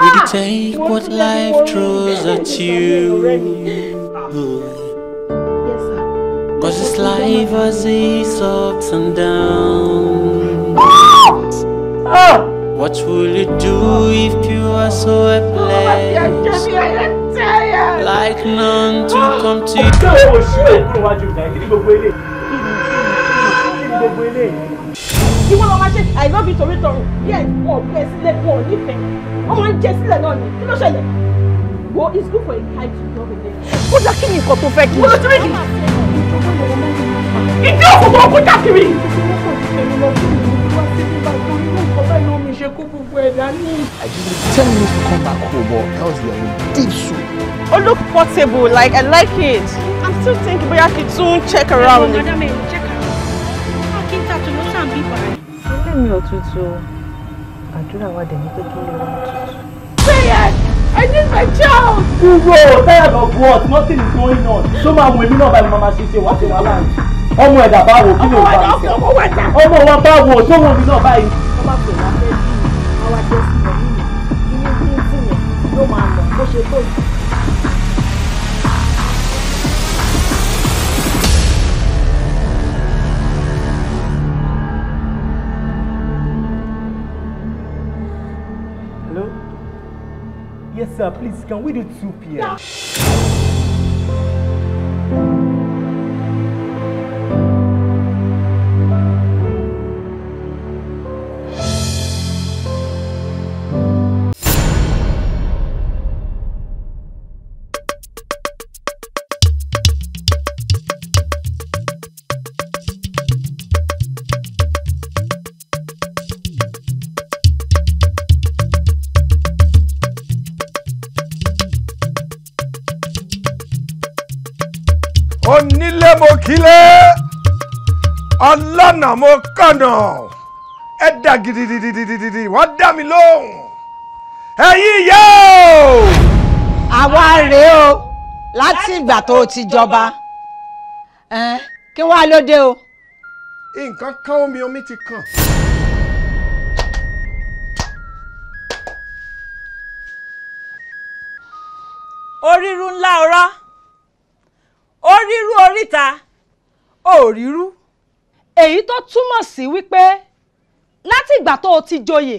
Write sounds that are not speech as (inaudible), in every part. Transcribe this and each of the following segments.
Will you ah! take what life throws at you? Cause this life has its ups and downs. Ah! What will you do if you are so helpless? Like none to ah! come to you. Ìwọ́n lọ máa ṣe àìlọ́bì torí tọrùn bí ẹ̀ wọ̀ ọ̀pẹ ó máa ń jẹ sílẹ̀ náà ni kí ló ṣẹlẹ̀ wo it's good for a guy to love a lady. ó dá kí ni nǹkan tó fẹ́ kí. mo lójú rí ni. ìdí òkùnkùn òkú jákiri. Tell me to come back home or else you're in deep soup. Oh, look portable. Like, I like it. I'm still thinking, but I could soon check around. Madam, check around. I can't touch you. What's on people? Tell me, Òtútù àdúrà wa dẹ̀ ní pé kí lè wọ́n tutù. Prayers! I need my child! Kúrò tired of what? Nothing is going on. Ṣó máa wọ èmi náà bá mi máa ṣe ṣe wá ṣe wá láàyè? Ọmọ ẹ̀dá báwo kí ló bá ń sọ? Ọmọ wa báwo ṣó wọn mi náà báyìí? Ọmọ pè wá fẹ́ bí àwa jẹ́ ọ̀hún yìí. Ilé tí ń sìn yẹn ló máa lọ bó ṣe tó yìí. sir, please, can we do 2 p.m.? kànà mo kànà ẹ dà gidigidi wọ́n dá mi lóhùn ẹ̀yin ìyá o. àwa rèé o láti ìgbà tó o ti jọba kí wàá lóde o. nǹkan kan omi omi ti kàn. oríru ńlá ọ̀rọ̀ oríru oríta òrírú èyí tó túmọ̀ sí wípé láti ìgbà tó o ti joyè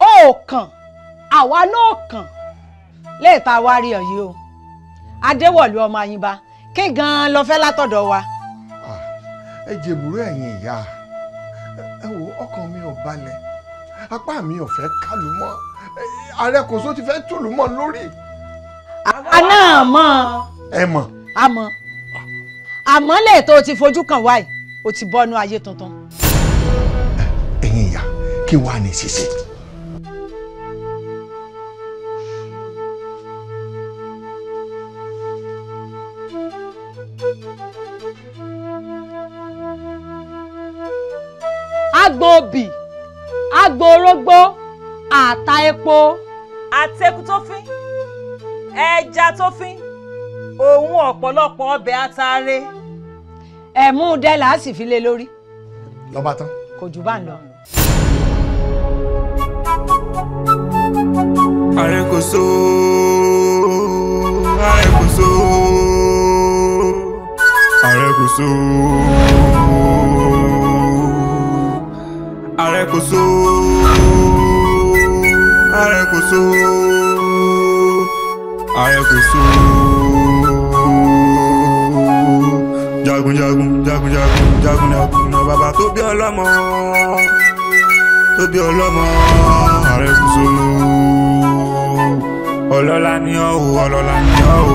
o ò kàn àwa náà kàn léèta wá rí ọ o adéwọ̀lú ọmọ àyìnbá kí gan-an lọ fẹ́ látọ̀dọ̀ wa. ẹ jèbúrú ẹ̀yin ìyá ẹ wo ọkàn mi ò balẹ̀ apá mi ò fẹ́ kálù mọ́ ààrẹ kòsó ti fẹ́ tùlù mọ́ lórí. àwa náà mọ̀. ẹ mọ̀. a mọ̀ àmọ́ lè tó o ti fojú kàn wáyìí o ti bọ́nú ayé tuntun. ẹ̀yin ìyá kí wàá ní ṣíṣe. agbo obì agbo orógbó àta epo. àtẹkù tó fín ẹja tó fín òun ọ̀pọ̀lọpọ̀ ọbẹ̀ àtàrẹ ẹ mú un dẹ́ làá sì fi lé lórí. lọ́ba tán. kò jù bá ń lọ. àrèkòso àrèkòso àrèkòso àrèkòso àrèkòso àrèkòso. jagunjagun jagunjagun jagunjagun na bàbá tó bí ọlọ́mọ tó bí ọlọ́mọ ààrẹ Kúṣọló ọlọ́lá ni ọ́ o ọlọ́lá ni ọ́ o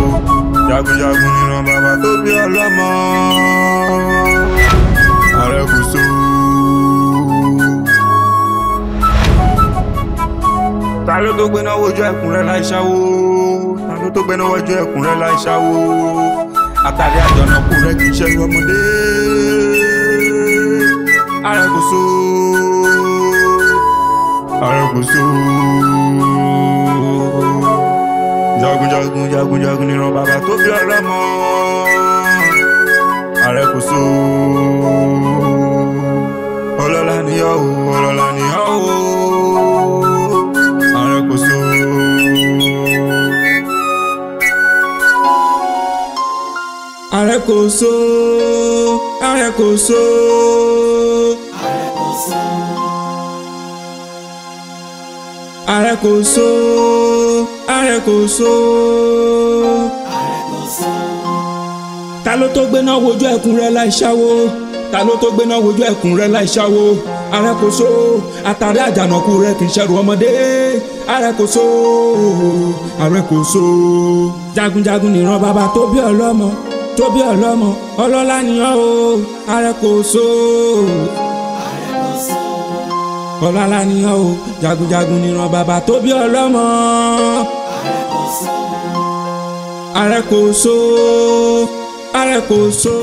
jagunjagun ni na bàbá tó bí ọlọ́mọ ààrẹ Kúṣọló. ta ló tó gbéná wojú ẹkùn rẹ láì ṣáwó ta ló tó gbéná wojú ẹkùn rẹ láì ṣáwó àtàrí àjọ̀nà kù rẹ kì í ṣe ọmọdé arẹkùsù arẹkùsù jagunjagun jagunjagun nìran bàbá tó fi ọ̀rẹ́ mọ́ arẹkùsù ọlọ́lá ni ọ́ o ọlọ́lá ni ọ́ o. Arekoso Arekoso. Arekoso. Arekoso Arekoso. Arekoso. Ta ló tó gbéná wojú ẹkùn rẹ láì ṣáwó ta ló tó gbéná wojú ẹkùn rẹ láì ṣáwó Arekoso àtàrí àjànàkú rẹ kì í ṣẹrù ọmọdé Arekoso Arekoso. jagunjagun nìran bàbá tó bí ọlọ́mọ tóbi ọlọ́mọ ọlọ́lá nìyàn o ààrẹ kò so ọlọ́lá nìyàn o jagunjagun nìran bàbá tóbi ọlọ́mọ ààrẹ kò so ààrẹ kò so.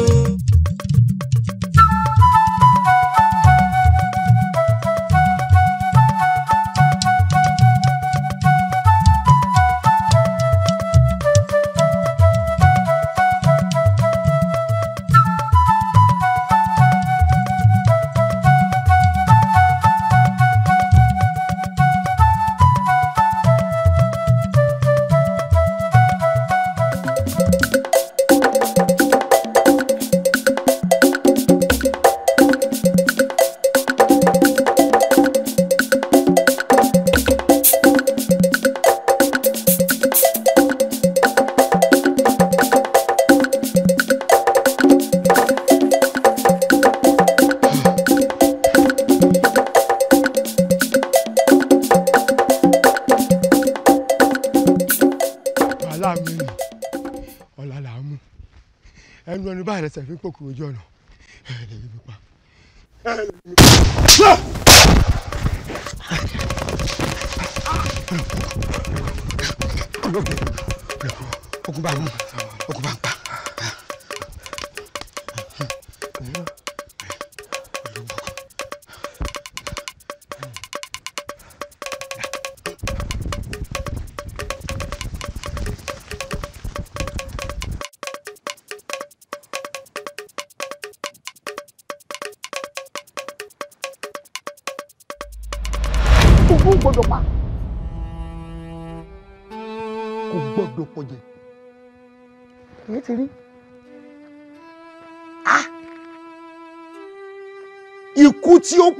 pòkùrọ̀ jọ̀nà.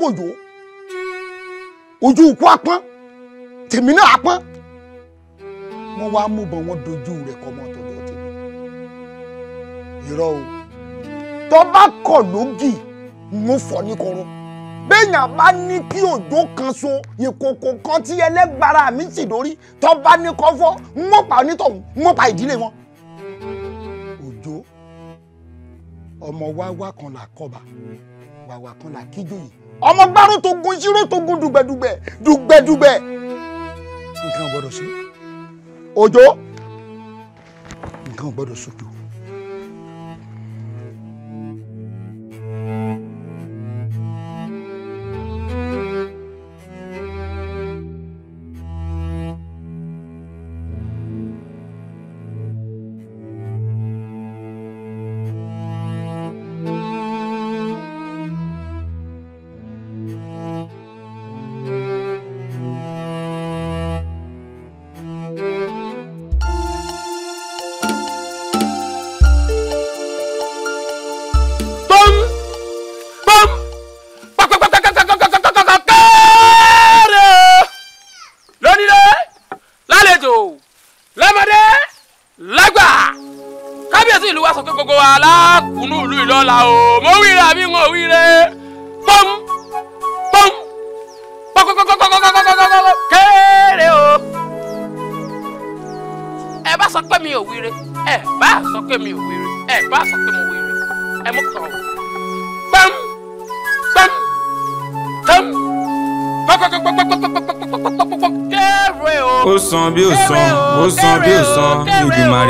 pòjò ojú ikú apọ́n tèmi náà apọ́n wọ́n wá mú bọ̀ wọ́n dojú rẹ̀ kọ́ mọ́ tọ́jú ọtí irọ́ o tó bá kọ̀ lógì mo fọ́ ní koro béèyàn bá ní kí òjò kan so ìkòkò kan tí ẹlẹ́gbára mi sì dórí tó bá ní kọ́ fọ́ mo pa onítọ̀hún mo pa ìdílé wọn ọmọ wáwá kan là kọba wàwà kan là kíjòyè ọmọ gbárùn tó gun ṣírò tó gun dùgbẹ̀dùgbẹ̀ dùgbẹ̀dùgbẹ̀ nǹkan ò gbọdọ̀ sí òjò nǹkan ò gbọdọ̀ sójú.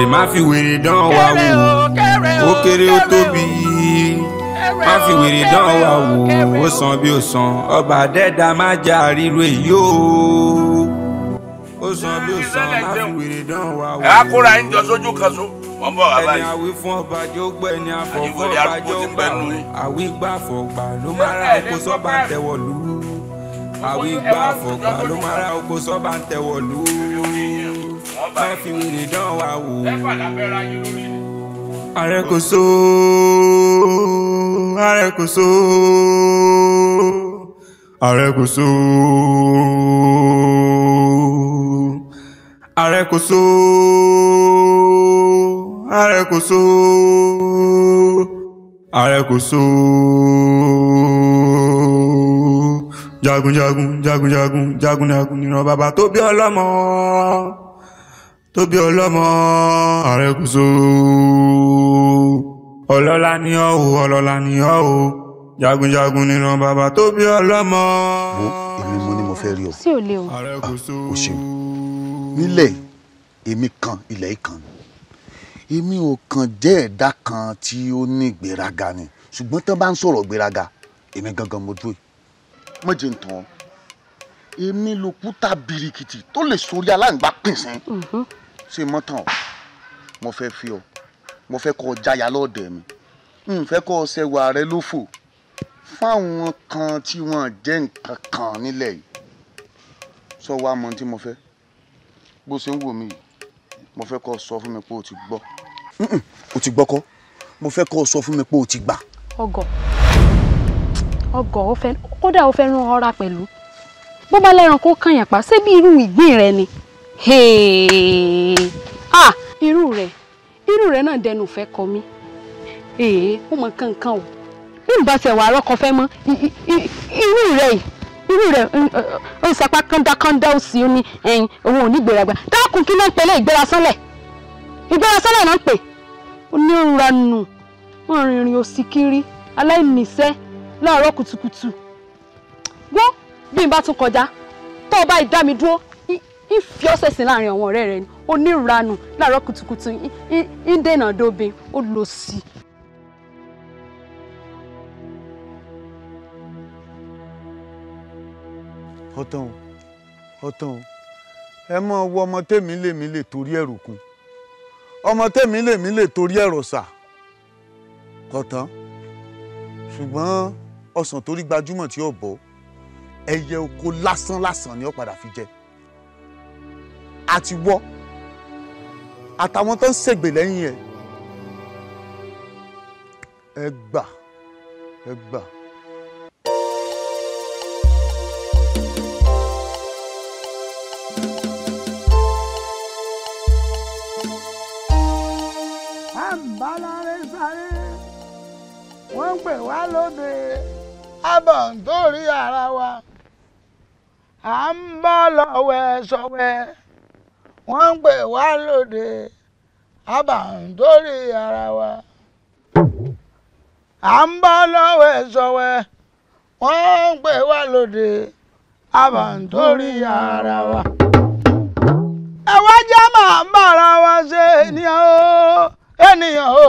jàre má fi wèrè dán wa wò ó kéré ó tóbi má fi wèrè dán wa wò ó san bí ó san ọba dẹ́dá má jà ríru èyí ó ó san bí ó san má fi wèrè dán wa wò. ẹ á kóra ẹ ń jọ sójú kan so wọ́n bọ̀ wá báyìí. ẹni àwí fún ọba jó gbẹ ni àfọwọ́ ọba jó gbà ó àwí gbà fọ̀gbà ló máa ra epo sọ́ba tẹ̀wọ̀ àwí gbà fọ̀gbà ló máa ra epo sọ́ba tẹ̀wọ̀ má fi wèrè dán wa wò. ààrẹ kò so ààrẹ kò so ààrẹ kò so ààrẹ kò so ààrẹ kò so ààrẹ kò so jagunjagun jagunjagun jagunjagun nìran bàbá tó bí tóbi ọlọ́mọ àrẹkùsọ ọlọ́lá ni ọ́ o ọlọ́lá ni ọ́ o jagunjagun nínú bàbá tóbi ọlọ́mọ. mo èmi mo ní mo fẹ́ rí o. sí ò lè o. àrẹkùsọ o ṣeun nílẹ̀ èmi kan ilẹ̀ kan èmi ò kàn jẹ́ ẹ̀dá kan tí ó ní ìgbéraga ni ṣùgbọ́n tán bá ń sọ̀rọ̀ ìgbéraga èmi gangan mo dúró mo jẹ́ ntàn èmi lòkúta birikiti tó lè sori aláǹgbá pín mhm ṣe mọ́tàn ọ́ mo fẹ́ fi ọ́ mo fẹ́ kọ́ ọ jáya lọ́ọ̀dẹ̀ mi n fẹ́ kọ́ ọ sẹ́wà rẹ lófò fáwọn kan tí wọ́n jẹ́ nǹkan kan nílẹ̀ yìí sọ wá mọ tí mo fẹ́ bó ṣe ń wò mí yìí mo fẹ́ kọ́ ọ sọ fún mi pé o ti gbọ́. o ti gbọ́ kọ́ mo fẹ́ kọ́ ọ sọ fún mi pé o ti gbà. ọgọ ọgọ ó fẹ́ kódà ó fẹ́ rán ọra pẹ̀lú bó bá lẹ́ran kó kàn yàn pa ṣé bí irú ìgbín rẹ ni. ah irú rẹ irú rẹ náà dẹnu fẹ kọ mí ee ó mọ kankan o bí n bá ṣe wàá rọkọ mọ irú rẹ irú rẹ ó ń sapá kándákándá ó sì ní ẹyin òun ò ní gbèrègbè dákun kí ló ń pẹ̀lẹ́ ìgbéra sánlẹ̀ ìgbéra sánlẹ̀ náà ń pè ó ní òǹra nù wọn rìnrìn òsì kiri kùtùkùtù bí n bá tún kọjá tó o bá ìfi ọ̀sẹ̀ sí láàrin àwọn ọ̀rẹ́ rẹ ni oníranù láàárọ̀ kùtùkùtù ń dènà dóbe ó lọ sí i. ó tán o ó tán o ẹ mọ wọ ọmọ tèmi lèmi lè torí ẹ̀rù kun ọmọ tèmi lèmi lè torí ẹ̀rọ sà kò ṣùgbọ́n ọsàn torí gbajúmọ̀ tí ó bọ̀ ẹyẹ oko lásán lásán ni ó padà fi jẹ àti wọ́ àtàwọn tó ń ṣègbè lẹ́yìn ẹ̀ ẹ gbà ẹ gbà. balare sáré wọ́n pè wá lóde abọ̀ nítorí ara wa à ń bọ́ lọ́wọ́ ẹ̀ sọ́wọ́ ẹ̀. wọ́n ń pè wá lóde àbàǹdórí ara wa. à ń bọ́ lọ́wọ́ ẹ̀ wọ́n ń pè wá lóde àbàǹdórí ara wa. ẹ wá jẹ́ màá bára wa ṣe ènìyàn o ènìyàn o.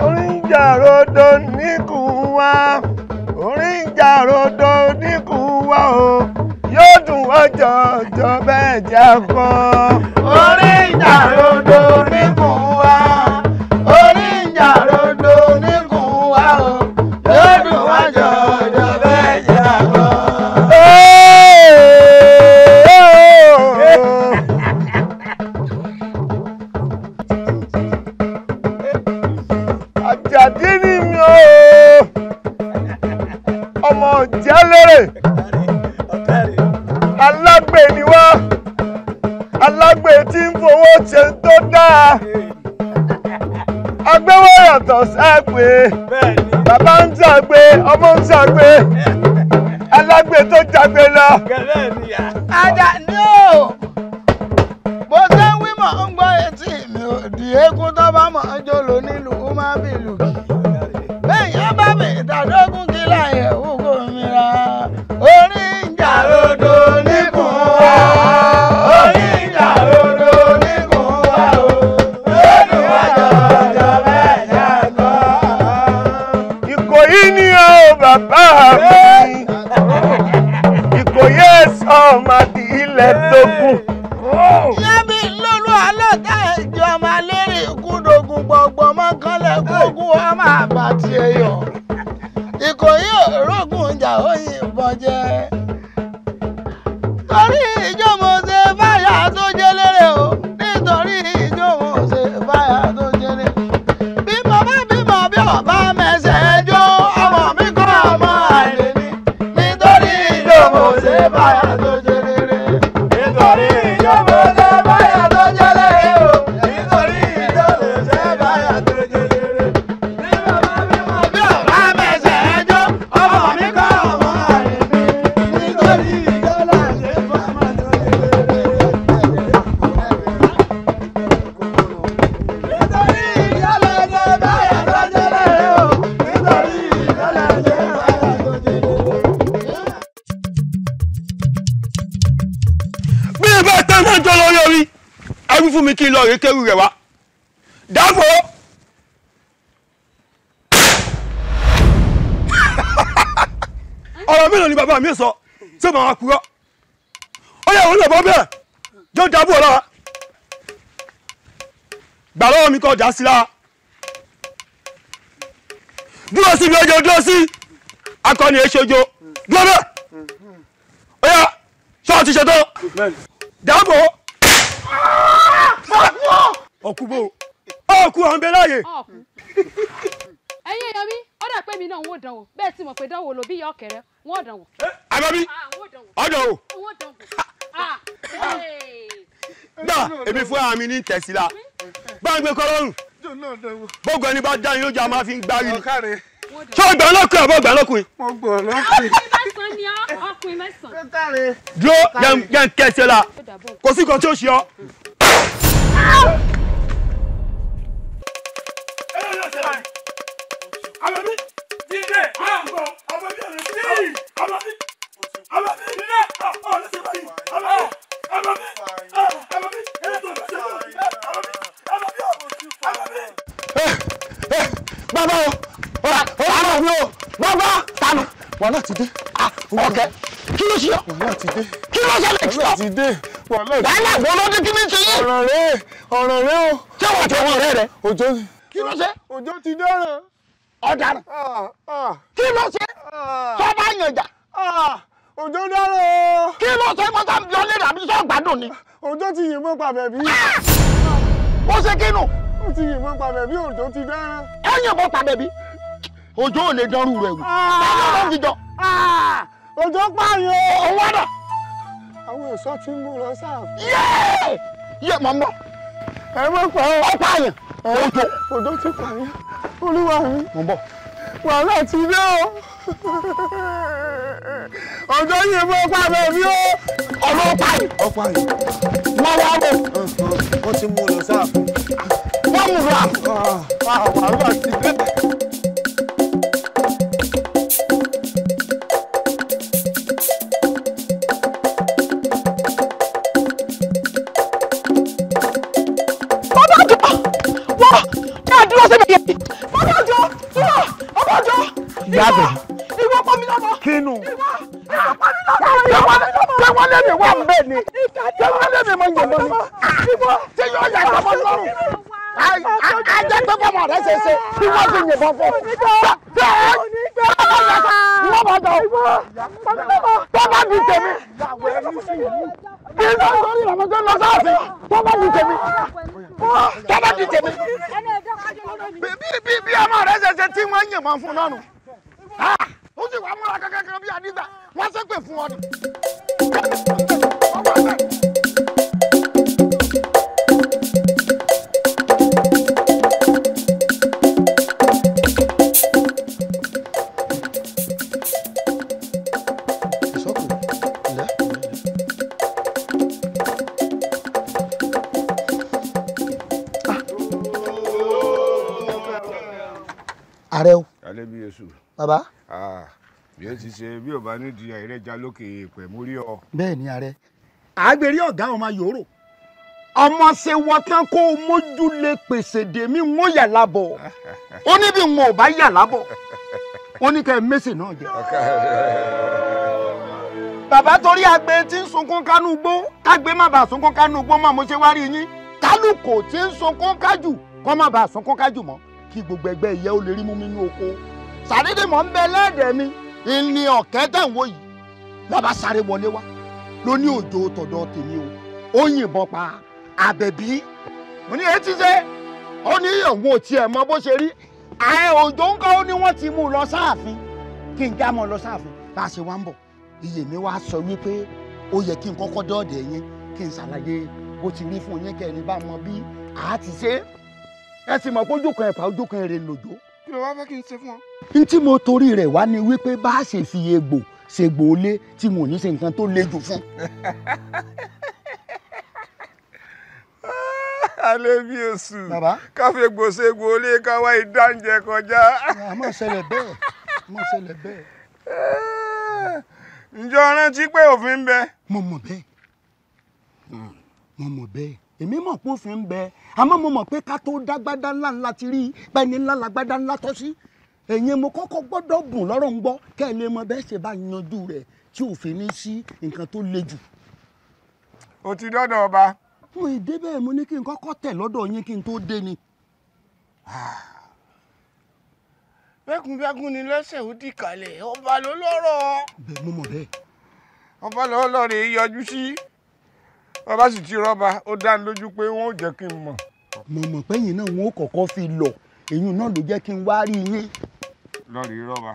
orin jàrodò níkùn wa orin jàrodò níkùn wa o yóò dùn ọjọ́ ọjọ́ bẹ́ẹ̀ jà kọ́. ti ẹ yọ ìkòyí òrógùn ìjà ó yìnbọn jẹ. kí n lọ rèé kéwì rẹ̀ wá dáàbò. (laughs) ọ̀rọ̀ mélòó ni bàbá mi sọ tí màá kúrọ́ ó yẹ òun lè bẹ́ẹ̀ jọ dáàbò ọ̀la gbà lọ́wọ́ mi kọ́ sí lára dúró sí ibi ọjọ́ dúró sí akọni èsojo dúró bẹ́ẹ̀ ó yà ṣọ́ọ̀tì ṣètò dáàbò ọkú bò ọkú ọ̀hún bẹ láàyè. ẹ̀yin èèyàn mi ó dà pé mi náà ń wò dánwò bẹ́ẹ̀ sì mọ̀ pé dánwò ló bí ìyá ọ̀kẹ́rẹ́ wọ́n dánwò. àbábí ọ̀dọ̀ o. gbà èmi fún àmì ní tẹ̀sí la bá ń gbé kọ́ lọ́rùn bógo ẹni bá dá ni lójú a máa fi ń gbárí ni ṣé o gbà lọ́kùnrin àbọ̀ gbà lọ́kùnrin. mo gbọ́ lọ́kùnrin. ọkùnrin mẹ́sàn-án ni ọkùnrin mẹ́sàn-án. dúró yẹn kẹsẹ̀ la kò sí kan tí ó ṣe ọ. Àbẹ̀bí dídé àgbọ̀ Àbẹ̀bí àlẹ́sí Àbẹ̀bí Àbẹ̀bí dídé àgbọ̀ àlẹ́sí báyìí Àbẹ̀bí Àbẹ̀bí Àbẹ̀bí ètò ìgbésẹ̀ Àbẹ̀bí Àbẹ̀bí Àbẹ̀bí. Bàbá o, ọ̀rọ̀ mi o, bàbá tanu. Wàhálà ti dé. Ọ̀kẹ́ kí ló ṣe ọ́? Wàhálà ti dé. Kí ló ṣẹlẹ̀ kí lọ? Wàhálà ti ọ̀rọ̀ rẹ o. ṣé wọ́n ti ọwọ́ rẹ òjò ni kí ló ṣe. òjò ti dọ́ràn. ọ̀daràn ah, ah. kí ló ṣe. sọ́ba ah. yànjà. òjò dọ́ràn. kí ló ṣe mọ́tà ń lọ lẹ́nu àbí sọ́gbàdùn ni. òjò ti yìnbọn pa bẹ̀bí. ó ṣe kínú. ó ti yìnbọn pa bẹ̀bí òjò ti dọ́ràn. ẹ yìnbọn pa bẹ̀bí òjò ò lè dánrù rẹ̀ wò. báyọ̀ ló ń fi jọ. òjò pààyàn. òun wá dà àwọn èso ti ń mú lọ sáà. yéé yéé mọ̀ mọ́. ó pààyàn òjò òjò ti pààyàn olúwa mi wàhálà ti dé o òjò yìí fún ọpá mi ò ní o ọ̀rọ̀ ọpá yìí ọpá yìí wọ́n wá bọ̀ wọ́n ti mú un lọ sáà wọ́n mú un lọ ah. ah, àpò ti dé. àbẹ̀. ìwọ pa mi lọ́mọ. kínú. ìwọ pa mi lọ́mọ. tẹwọn lẹ́mi wà ń bẹ̀ ni. tẹwọn lẹ́mi mọ ìyẹn mọ ni. ṣé yóò yà gbọmọ lọ́rùn. ajẹ́ pé bọ́mọ rẹ̀ ṣe ṣe kí wọ́n fi yìnbọn fún. ìwọ bá dọ̀. bọ́mọ mi tèmi. kí ló ń sọ ní ìrànlọ́jọ́ lọ sáàfin. bọ́mọ mi tèmi. bọ́mọ mi tèmi. bí bí bí ọmọ rẹ̀ ṣe ṣe tí wọ́n yìnbọn fún náà nù. ẹ̀rẹ́jà lókè èèpẹ̀ mo rí ọ. bẹ́ẹ̀ ni ààrẹ. àgbèrè ọ̀gá ọmọ yòóró ọmọ ṣe wọtán kó o mójú lè pèsè dèmí ń yà lábọ̀ ó ní bí wọn ò bá yà lábọ̀ ó ní kẹ́ ẹ mẹ́sì náà jẹ. bàbá torí agbe tí ń sunkún kánú gbó kágbe má bàa sunkún kánú gbó mọ́ mo ṣe wá rí yín kálukò tí ń sunkún kájù kọ́ má bàa sunkún kájù mọ́ kí gbogbo ẹgbẹ́ ìyẹ́ ó lè rí mú mi ní oko sàdédé mọ̀ ń bẹ lẹ́ẹ̀dẹ̀ mi ìní ọ̀kẹ́ tẹ̀ ń lọ́ba sáré wọlé wá ló ní òjò tọ̀dọ̀ tèmi o ó yìnbọn pa àbẹ̀bí mo ní etí ṣe ó ní òun ò tiẹ̀ mọ bó ṣe rí ààrẹ òjò ń kọ́ ó ní wọ́n ti mú un lọ sáàfin kí n já mọ́ lọ sáàfin bá a ṣe wá ń bọ̀ iye mi wá sọ wípé ó yẹ kí n kọ́kọ́ dọ́ọ̀dẹ̀ yín kí n ṣàlàyé bó ti rí fún yín kẹrin bá mọ bí a ti ṣe ẹ sì mọ̀ pé ojú kan ẹ̀pà ojú kan èrè lòjó. kí ló wá fẹ́ kí n ṣe fún ọ. n tí mo torí rẹ̀ wá ni wípé bá a ṣe fi egbò ṣègbòólé tí mo ní ṣe nǹkan tó le jù fún. alẹ́ (laughs) bí oṣù káfí gbòòsè gbòólé káwá ìdáǹjẹ kọjá. àmọ́ ṣẹlẹ̀ bẹ́ẹ̀ àmọ́ ṣẹlẹ̀ bẹ́ẹ̀. (laughs) ǹjọ́ rántí pé òfin ń bẹ. mo mọ̀ bẹ́ẹ̀ mo mọ̀ bẹ́ẹ̀ èmi mọ̀ pé òfin ń bẹ àmọ́ mo mọ̀ pé ká tó dágbádá ńlá ńlá ti rí bẹ́ẹ̀ ni ńlá làgbádá ńlá tọ́ sí ẹ̀yin mo kọ́kọ́ gbọ́dọ̀ bùn lọ́rọ̀ ń gbọ́ kẹ́ ẹ lè mọ bẹ́ẹ̀ ṣe bá yanjú rẹ̀ tí ò fi ní sí nǹkan tó le jù. o ti dọ́dọ̀ ọba. mo ìdé bẹ́ẹ̀ mo ní kí n kọ́kọ́ tẹ̀ lọ́dọ̀ yín kí n tó dé ni. bẹ́kúnbẹ́kún ah. ni lẹ́sẹ̀ ó dì kalẹ̀ ọba ló lọ́rọ̀. bẹ́ẹ̀ mo mọ̀ bẹ́ẹ̀. ọba lọ́wọ́ lọ́rẹ̀ yọjú sí ọba sì ti rọ́ba ó dá pé wọ́n ò jẹ́ kí n mọ̀. mo mọ̀ pẹ́yìn náà wọn ò kọ̀kọ́ fi lọ èyí náà ló jẹ́ kí n wá rí yín lọ́ọ̀rì rọ́ọ̀bà.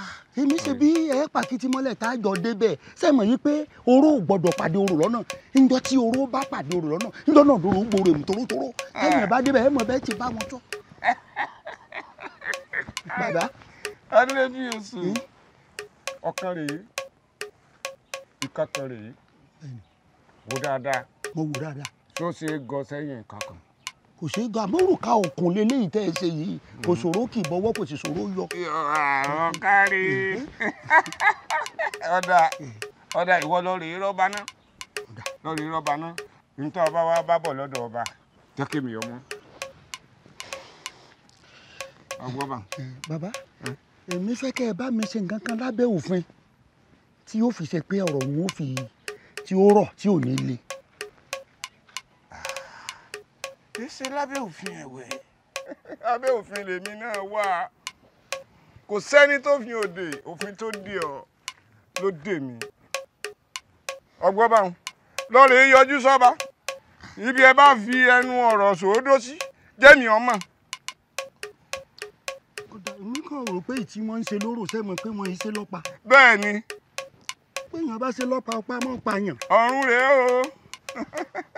Ah, èmi ṣe bí ẹ pàkìtì mọ́lẹ̀ tá a jọ débẹ̀ sẹ́mọ̀ yìí pé oró ò gbọ́dọ̀ pàdé oró lọ́nà ńjọ tí oró bá pàdé oró lọ́nà ńjọ náà lóró gbòòrò èmi torótoró ẹ̀yìn bá débẹ̀ ẹ̀ mọ̀ bẹ́ẹ̀ ti bá wọn tọ́. bàbá. adúlébí oṣù hmm? ọkàn rèé ìkàkàn rèé wò dáadáa. mo wò dáadáa. tó ṣe gọ sẹ́yìn kankan kò ṣe é ga mórùka òkun leléyìí tẹ́ ẹ ṣe yìí kò mm-hmm. ṣòro kì í bọ́wọ́ kò sì ṣòro yọ. ọ̀rọ̀ kárí mm-hmm. ọ̀dà ọ̀dà ìwọ lọ́ọ̀rì rọ́bà náà lọ́ọ̀rì rọ́bà náà nítorí ọba wa bá bọ̀ lọ́dọ̀ ọba jẹ́kẹ̀mí ọmọ. ọgbọ́n bá. bàbá èmi fẹ́ kẹ́ ẹ bá mi ṣe nǹkan kan lábẹ́ òfin tí yóò fi ṣe pé ọ̀rọ̀ òun ó fi tí ó rọ̀ tí ò ní le kì í ṣe lábẹ́ òfin ẹ̀wẹ̀. abẹ́ (laughs) òfin lèmi náà wà kò sẹ́ni tó fi òde òfin tó dè ọ́ ló dè mí ọgbọ́n báwọn lọ́ọ̀rẹ́ yọjú sọ́ba ibi ẹ bá fi ẹnu ọ̀rọ̀ sòódó sí jẹ́mi ọmọ. kódà èmi kàn rò pé ìtí wọn ń ṣe lóró sẹ́mọ̀ pé wọ́n ń ṣe lọ́pàá. bẹ́ẹ̀ ni. péyàn bá ṣe lọ́pàá ọpá mọ́ pààyàn. ọ̀run rèé o.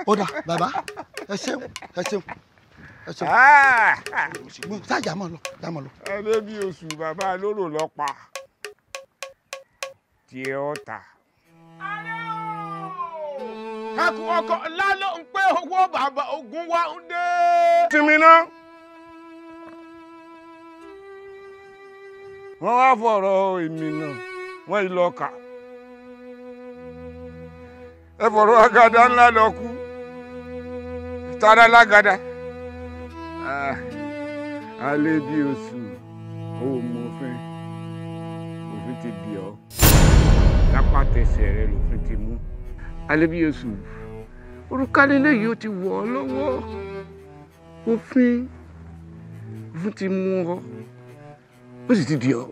ó dà bàbá ẹ ṣeun ẹ ṣeun ẹ ṣeun. mo ah! jà lọ jà lọ. ẹni bí oṣù bàbá lóró lọ pa tiẹ̀ ọ̀tà. kakú ọkọ lálọ́ ń pé owó bàbá ogun wa ń dé. sinmi náà. wọ́n wá fọrọ èmi náà wọ́n yìí lọ kà ẹ agada ńlá lọ tara lágada ah, alẹ́ bí oṣù ó mọ̀fin òfin ti bì ọ́ lápá tẹsẹ̀ rẹ lòfin ti mú alẹ́ bí oṣù orúkálẹ́lẹ́ yìí ó ti wọ̀ ọ́ lọ́wọ́ òfin òfin ti mú ọ ó sì ti di ọ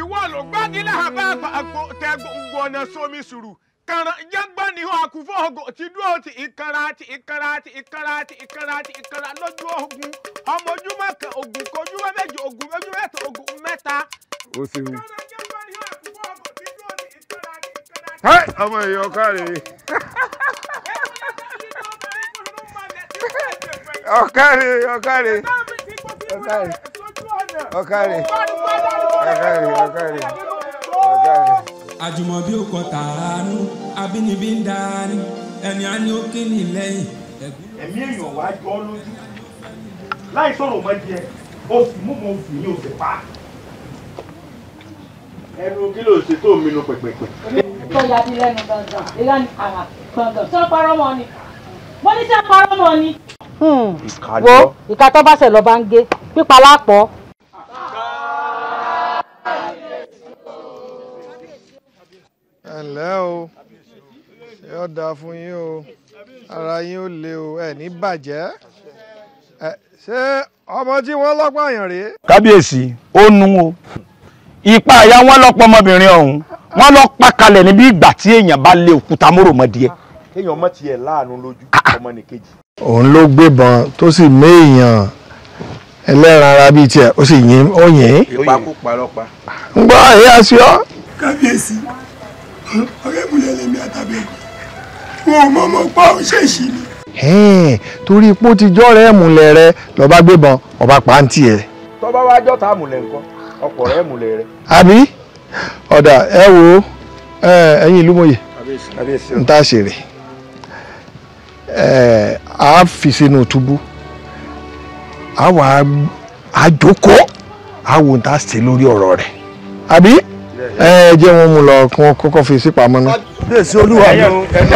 ìwọ ló gbági láhàbá àgbò tẹ gbọ̀nà sómi sùúrù karan jagbani ho akufo ogo ti duro ti ikara ti ikara ti ikara ti ikara ti ikara lójú ogun ọmọ ojúmọ́ kan ogun kojúmọ́ méjì ogun ojú mẹ́ta ogun mẹ́ta. o ṣeun. ẹ ọmọ èèyàn káre. ọ̀káre ọ̀káre ọ̀káre ọ̀káre ọ̀káre ọ̀káre àjùmọ̀bí ò kọ tàánú abínibí ń dání ẹni á ní ó kí ni lẹ́yìn. ẹ̀mí èèyàn wá jọ ọ́ lójú láì sọ̀rọ̀ mọ́ jẹ oṣù mú mọ́ oṣù yìí oṣù pa. ẹnu kí ló ṣe tó mi nu pẹ̀pẹ̀pẹ̀. tọ́jà ti lẹ́nu gbọ̀ngàn ìlànà àrà gbọ̀ngàn sọ parọ́ mọ́ ni mo ní sẹ́ parọ́ mọ́ ni. Hmm. wo ìka tó bá ṣẹ̀ lọ́ bá ń gé pípa lápọ̀ ẹ̀lẹ́ o ṣé ó dáa fún yín o ara yín ó le o ẹ̀ ní bàjẹ́ ẹ̀ ṣé ọmọ tí wọ́n lọ́pọ̀ àyàn rèé. kábíyèsí ó nu o ipa àyà wọn lọ́pọ̀ ọmọbìnrin ọ̀hún wọ́n lọ pa kalẹ̀ níbi ìgbà tí èèyàn bá lé òkúta mọ́rọ̀mọ́díẹ̀. kéèyàn mọ̀ tiẹ̀ láàánú lójú ah, ah. ọmọ nìkejì. òun ló gbébọn tó sì méèyàn ẹlẹ́ran ara bíi tiẹ̀ ó sì yín ó yìn. ipa kó parọ́ pa. ń gbọ́ ẹ̀yà sí ọ. kábíyèsí ọ̀rẹ́bùnrin lèmi àtàbí ẹ̀kọ́ ọmọ torí ipò rẹ̀ múlẹ̀ rẹ lọ́ba gbébọn ọba pàǹtí ẹ̀. tọ́ba wá jọ́ta múlẹ̀ nǹkan ọkọ̀ rẹ̀ múlẹ̀ rẹ̀. àbí ọ̀dà ẹ wo ẹ̀yin ìlú mòye a fi sínú túbú a wo ṣe lórí ọ̀rọ̀ ẹ jẹ́ wọn mú lọ kí wọ́n kọ́kọ́ fi sí pamọ́ náà. kábíyèsí olúwa mi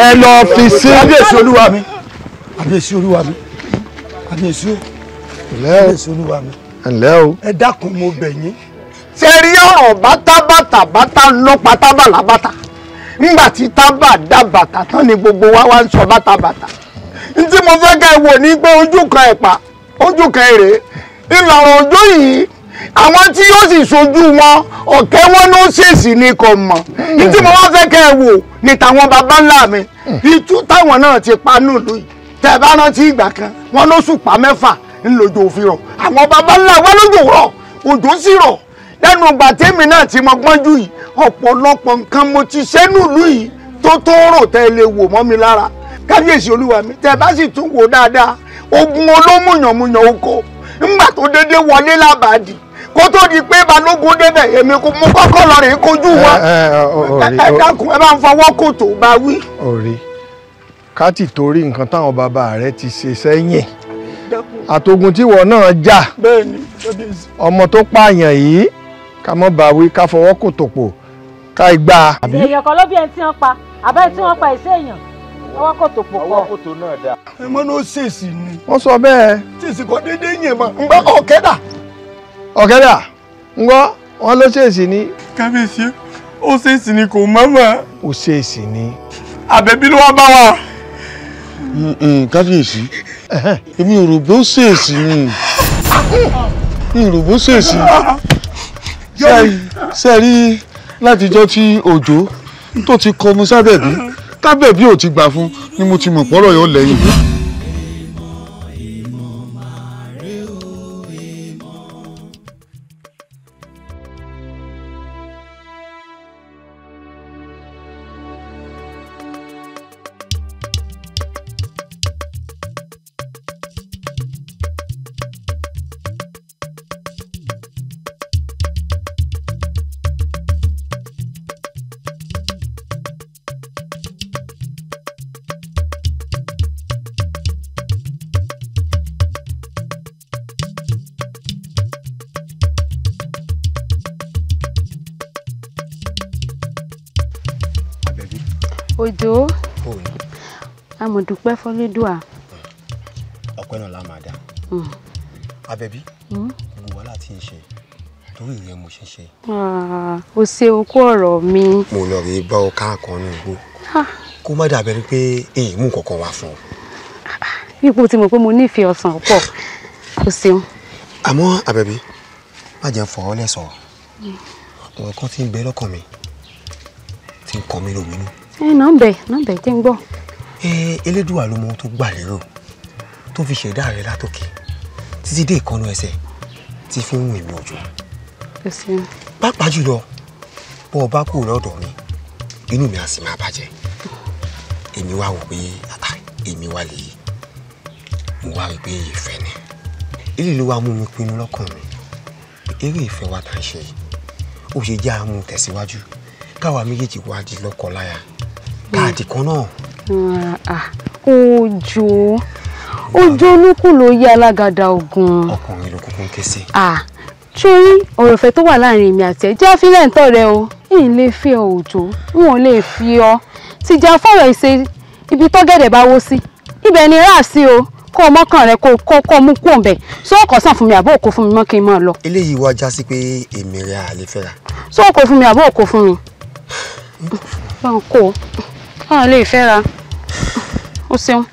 ẹ lọ fi sí. kábíyèsí olúwa mi kábíyèsí olúwa mi kábíyèsí o kábíyèsí olúwa mi. ẹnlẹ́ o. ẹ dákun mo bẹ̀ yín. ṣe rí ọ̀rọ̀ bátábàtà bátá lọ pátábàlà bàtà nígbà tí tábà dá bàtà tán ni gbogbo wa wá ń sọ bata, n tí mo fẹ́ kẹ́ wò ní pé ojú kan ẹ̀pà ojú kan èrè ìlànà ọjọ́ yìí àwọn tí yóò sì ṣojú wọn ọ̀kẹ́ wọn ló ṣèṣì ni kò mọ̀ ní tí mo wá fẹ́ kẹ́ ẹ wò ní tàwọn baba ńlá mi itú táwọn náà ti pa nílùú yìí tẹ́ ẹ bá rántí ìgbà kan wọn ló ṣùpá mẹ́fà ńlòjò òfin rọ̀ àwọn baba ńlá wa lójò rọ̀ òjò sì rọ̀ lẹ́nu ìgbà tèmi náà ti mọ gbọ́njú yìí ọ̀pọ̀lọpọ̀ nǹkan mo ti ṣe nílùú yìí tó tó rò tẹ́ ẹ lè wò mọ́ mi lára kábíyèsí olúwa mi tẹ́ sì tún wò dáadáa ogun olómùyànmùyàn oko ńgbà tó dédé wọlé lábàdì kó tó di pé balógun débẹ̀ èmi kò mú kọ́kọ́ lọ rèé kojú wa eh, eh, eh, ẹ dákun ẹ bá ń fọwọ́ kòtò bá wí. ọ̀rẹ́ ká ti torí nǹkan táwọn bàbá rẹ ti ṣe sẹ́yìn àtògùn tíwọ náà já ọmọ tó pààyàn yìí ká mọ́ bá wí ká fọwọ́ kòtò pò ká igba. ìṣèyàn kan ló bí ẹni tí wọ́n pa àbẹ́ẹ̀ tí wọ́n pa ìṣèyàn ọwọ́ kòtò pọ̀ ọwọ́ kòtò náà dá. ẹ mọ ló ṣèṣì ni. wọ́n sọ bẹ́ẹ̀. ṣèṣì kọ́ déédéé yẹn mọ́ ń bá ọ̀kẹ́dà. ọ̀kẹ́dà ń gbọ́ wọn ló ṣèṣì ni. kábíyèsí ó ṣèṣì ni kò mọ́ mọ́. ó ṣèṣì ni. àbẹ̀bí ló wá bá wa. kábíyèsí èmi ò rò bó ṣèṣì ni mi ò rò bó ṣèṣì sẹ́ẹ̀rí látijọ́ tí òjò tó ti kọmu sábẹ̀bí tábẹ̀ bí ò ti gbà fún ni mo ti mọ̀ pọ́rọ̀ yóò lẹ́yìn. Òjó amòdúpẹ́ fọlẹ́dùà. Hmm. ọpẹ́ náà la máa dá Àbẹ̀bí hmm. hmm. gbogbo wa láti ń ṣe torí ìyẹn mo ṣe ṣe. Ah, o ṣe okú ọ̀rọ̀ mi. mo lọ rí bá ọ káàkan ní ìlú ah. kó má dàbẹ̀ ni pé èyí mú nǹkan kan wá fún ọ. ipò tí mo pé mo nífẹ̀ẹ́ ọ̀sán pọ̀ o ṣeun. àmọ́ Àbẹ̀bí má jẹ́ fọwọ́ lẹ́sọ̀ọ́ ọ̀rọ̀ kan ti ń bẹ lọ́kàn mi ti ń kọ mí lóminú ẹ nọ́ọ̀bẹ̀ nọ́ọ̀bẹ̀ tí ń gbọ́. elédùà ló mọ ohun tó gbà lérò tó fi ṣẹ̀dá rẹ látòkè títí dé ìkànnú ẹsẹ̀ tí fi ń rìn òjò. pàápàá jùlọ bọ́ ọ bá kù mi inú mi á sì máa bàjẹ́ èmi wá wò pé èmi wá lè yí mo wá rí pé ìfẹ́ ni èyí ló wá mú mi pinnu lọ́kàn mi eré ìfẹ́ wa tá à ń ṣe yìí ó ṣe jẹ́ àmú tẹ̀síwájú káwa méjèèjì wá di lọ́kọ láya páàdì kan náà. ojo ah, ah. ojo olúkú ló yí alágàdá ogun. ọkùnrin ló kúkú ń ké sí. Ah, sórí ọ̀rọ̀ ìfẹ́ tó wà láàrin èmi àti ẹ̀ jẹ́ àfilẹ̀ ń tọ̀ rẹ o n lè fi ọ òjò n ò lè fi ọ ti jà fọ̀rọ̀ ìṣe ibi tọ́gẹ̀dẹ̀ bá wó sí ibẹ̀ ni ráà sí o kó o mọ́kàn rẹ kó o kó o mú kúrò bẹ̀ so ọkọ̀ sàn fún mi àbó òkò fún mi mọ́ kí n máa lọ. eléyìí wá já sí pé èmi rẹ àlè fẹ́ra. so ọkọ̀ fún mi àbó òkò fún mi. (sighs) báwo kò. Olha, ah, Fera. O seu.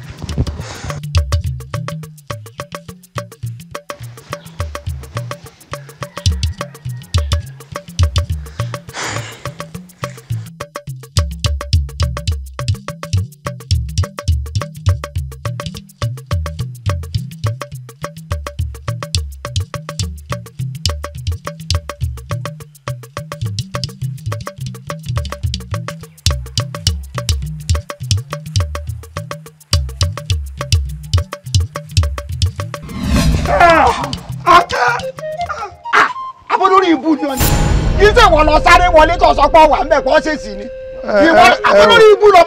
pọ̀ wà mẹ́ kọ́ ṣe sì ni eh, eh, ìwọ àtọ́lórí eh, ibú ni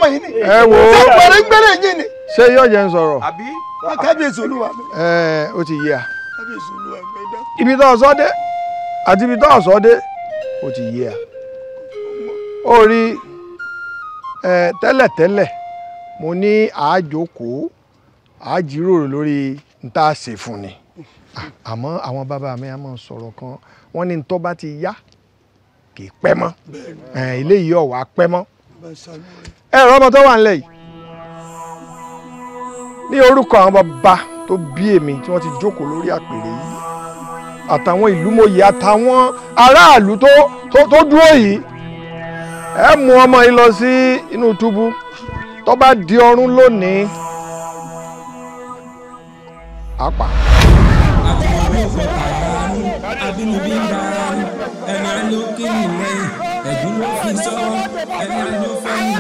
ṣé ń ni. ṣé yóò jẹ́ ń sọ̀rọ̀. àbí kábíyèsí olúwa mi. ẹ ẹ ti a. kábíyèsí olúwa mi ẹ ibi tó dé ibi tó dé ti yé a. o rí mo ní àájókòó àájíròrò lórí ṣe fún ni ah, àmọ́ àwọn bàbá mi á máa sọ̀rọ̀ kan ní bá kì í pẹ́ mọ́ eléyìí ọ̀wà pẹ́ mọ́ ẹ̀rọ ọmọ tó wà nílẹ̀ yìí ní orúkọ àwọn bàbá tó bí èmi tí wọ́n ti jókòó lórí àpèrè yìí àtàwọn ìlúmọ̀yè àtàwọn aráàlú tó tó dúró yìí ẹ mú ọmọ yìí lọ sí inú túbú tó bá di ọrún lónìí àpà. àbínibí ń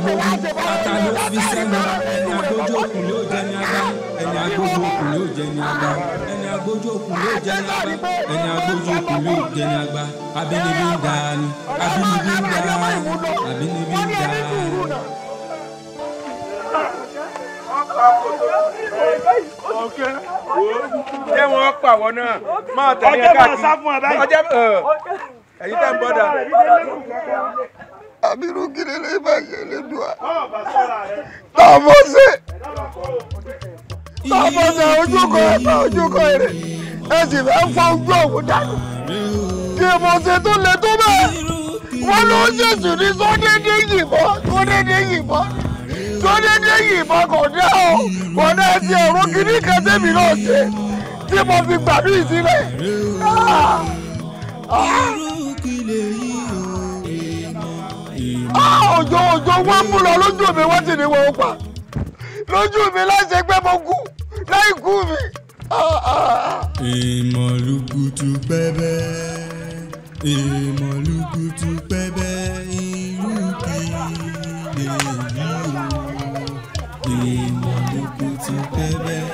lórí ata ló fi sẹ́nu ẹni agbójú òkun yóò jẹ́ ní agbá ẹni agbójú òkun yóò jẹ́ ní agbá ẹni agbójú òkun yóò jẹ́ ní agbá ẹni agbójú òkun yóò jẹ́ ní agbá abínibí ń da ni abínibí ń da abínibí ń da. Okay jẹ́ wọn pàwọ́ náà máa tẹ̀lé káàkiri ọjọ́ ẹ̀yin tẹ́ ń bọ́dà àbírú kiri lè má ṣe lè dùn á. táàbọ̀ ṣe táàbọ̀ ṣe ojúkọ ẹ bá ojúkọ ẹ rẹ ẹ sì fẹ́ fọ ojú òun dànù. ìmọ̀ ṣe tó le tó bẹ́ẹ̀ wọ́n ló ń ṣèṣù ní sọ́dẹ́dẹ́ yìnbọn sọ́dẹ́dẹ́ yìnbọn sọ́dẹ́dẹ́ yìnbọn kò dá o kò dá ẹsẹ̀ ọ̀rọ̀ kìíní kan sẹ́mi náà ṣe tí mo fi gbàdúrà sílẹ̀. Ah! Ah! òjò òjò wọ́n mú lọ lójú mi wọ́n sì ní wọ́n pa lójú mi láṣẹ pé mo kú láì kú mi. Ah, ah, ah. ìmọ̀lùkùtù pẹ́bẹ́ ìmọ̀lùkùtù pẹ́bẹ́ irú kì í o ìmọ̀lùkùtù pẹ́bẹ́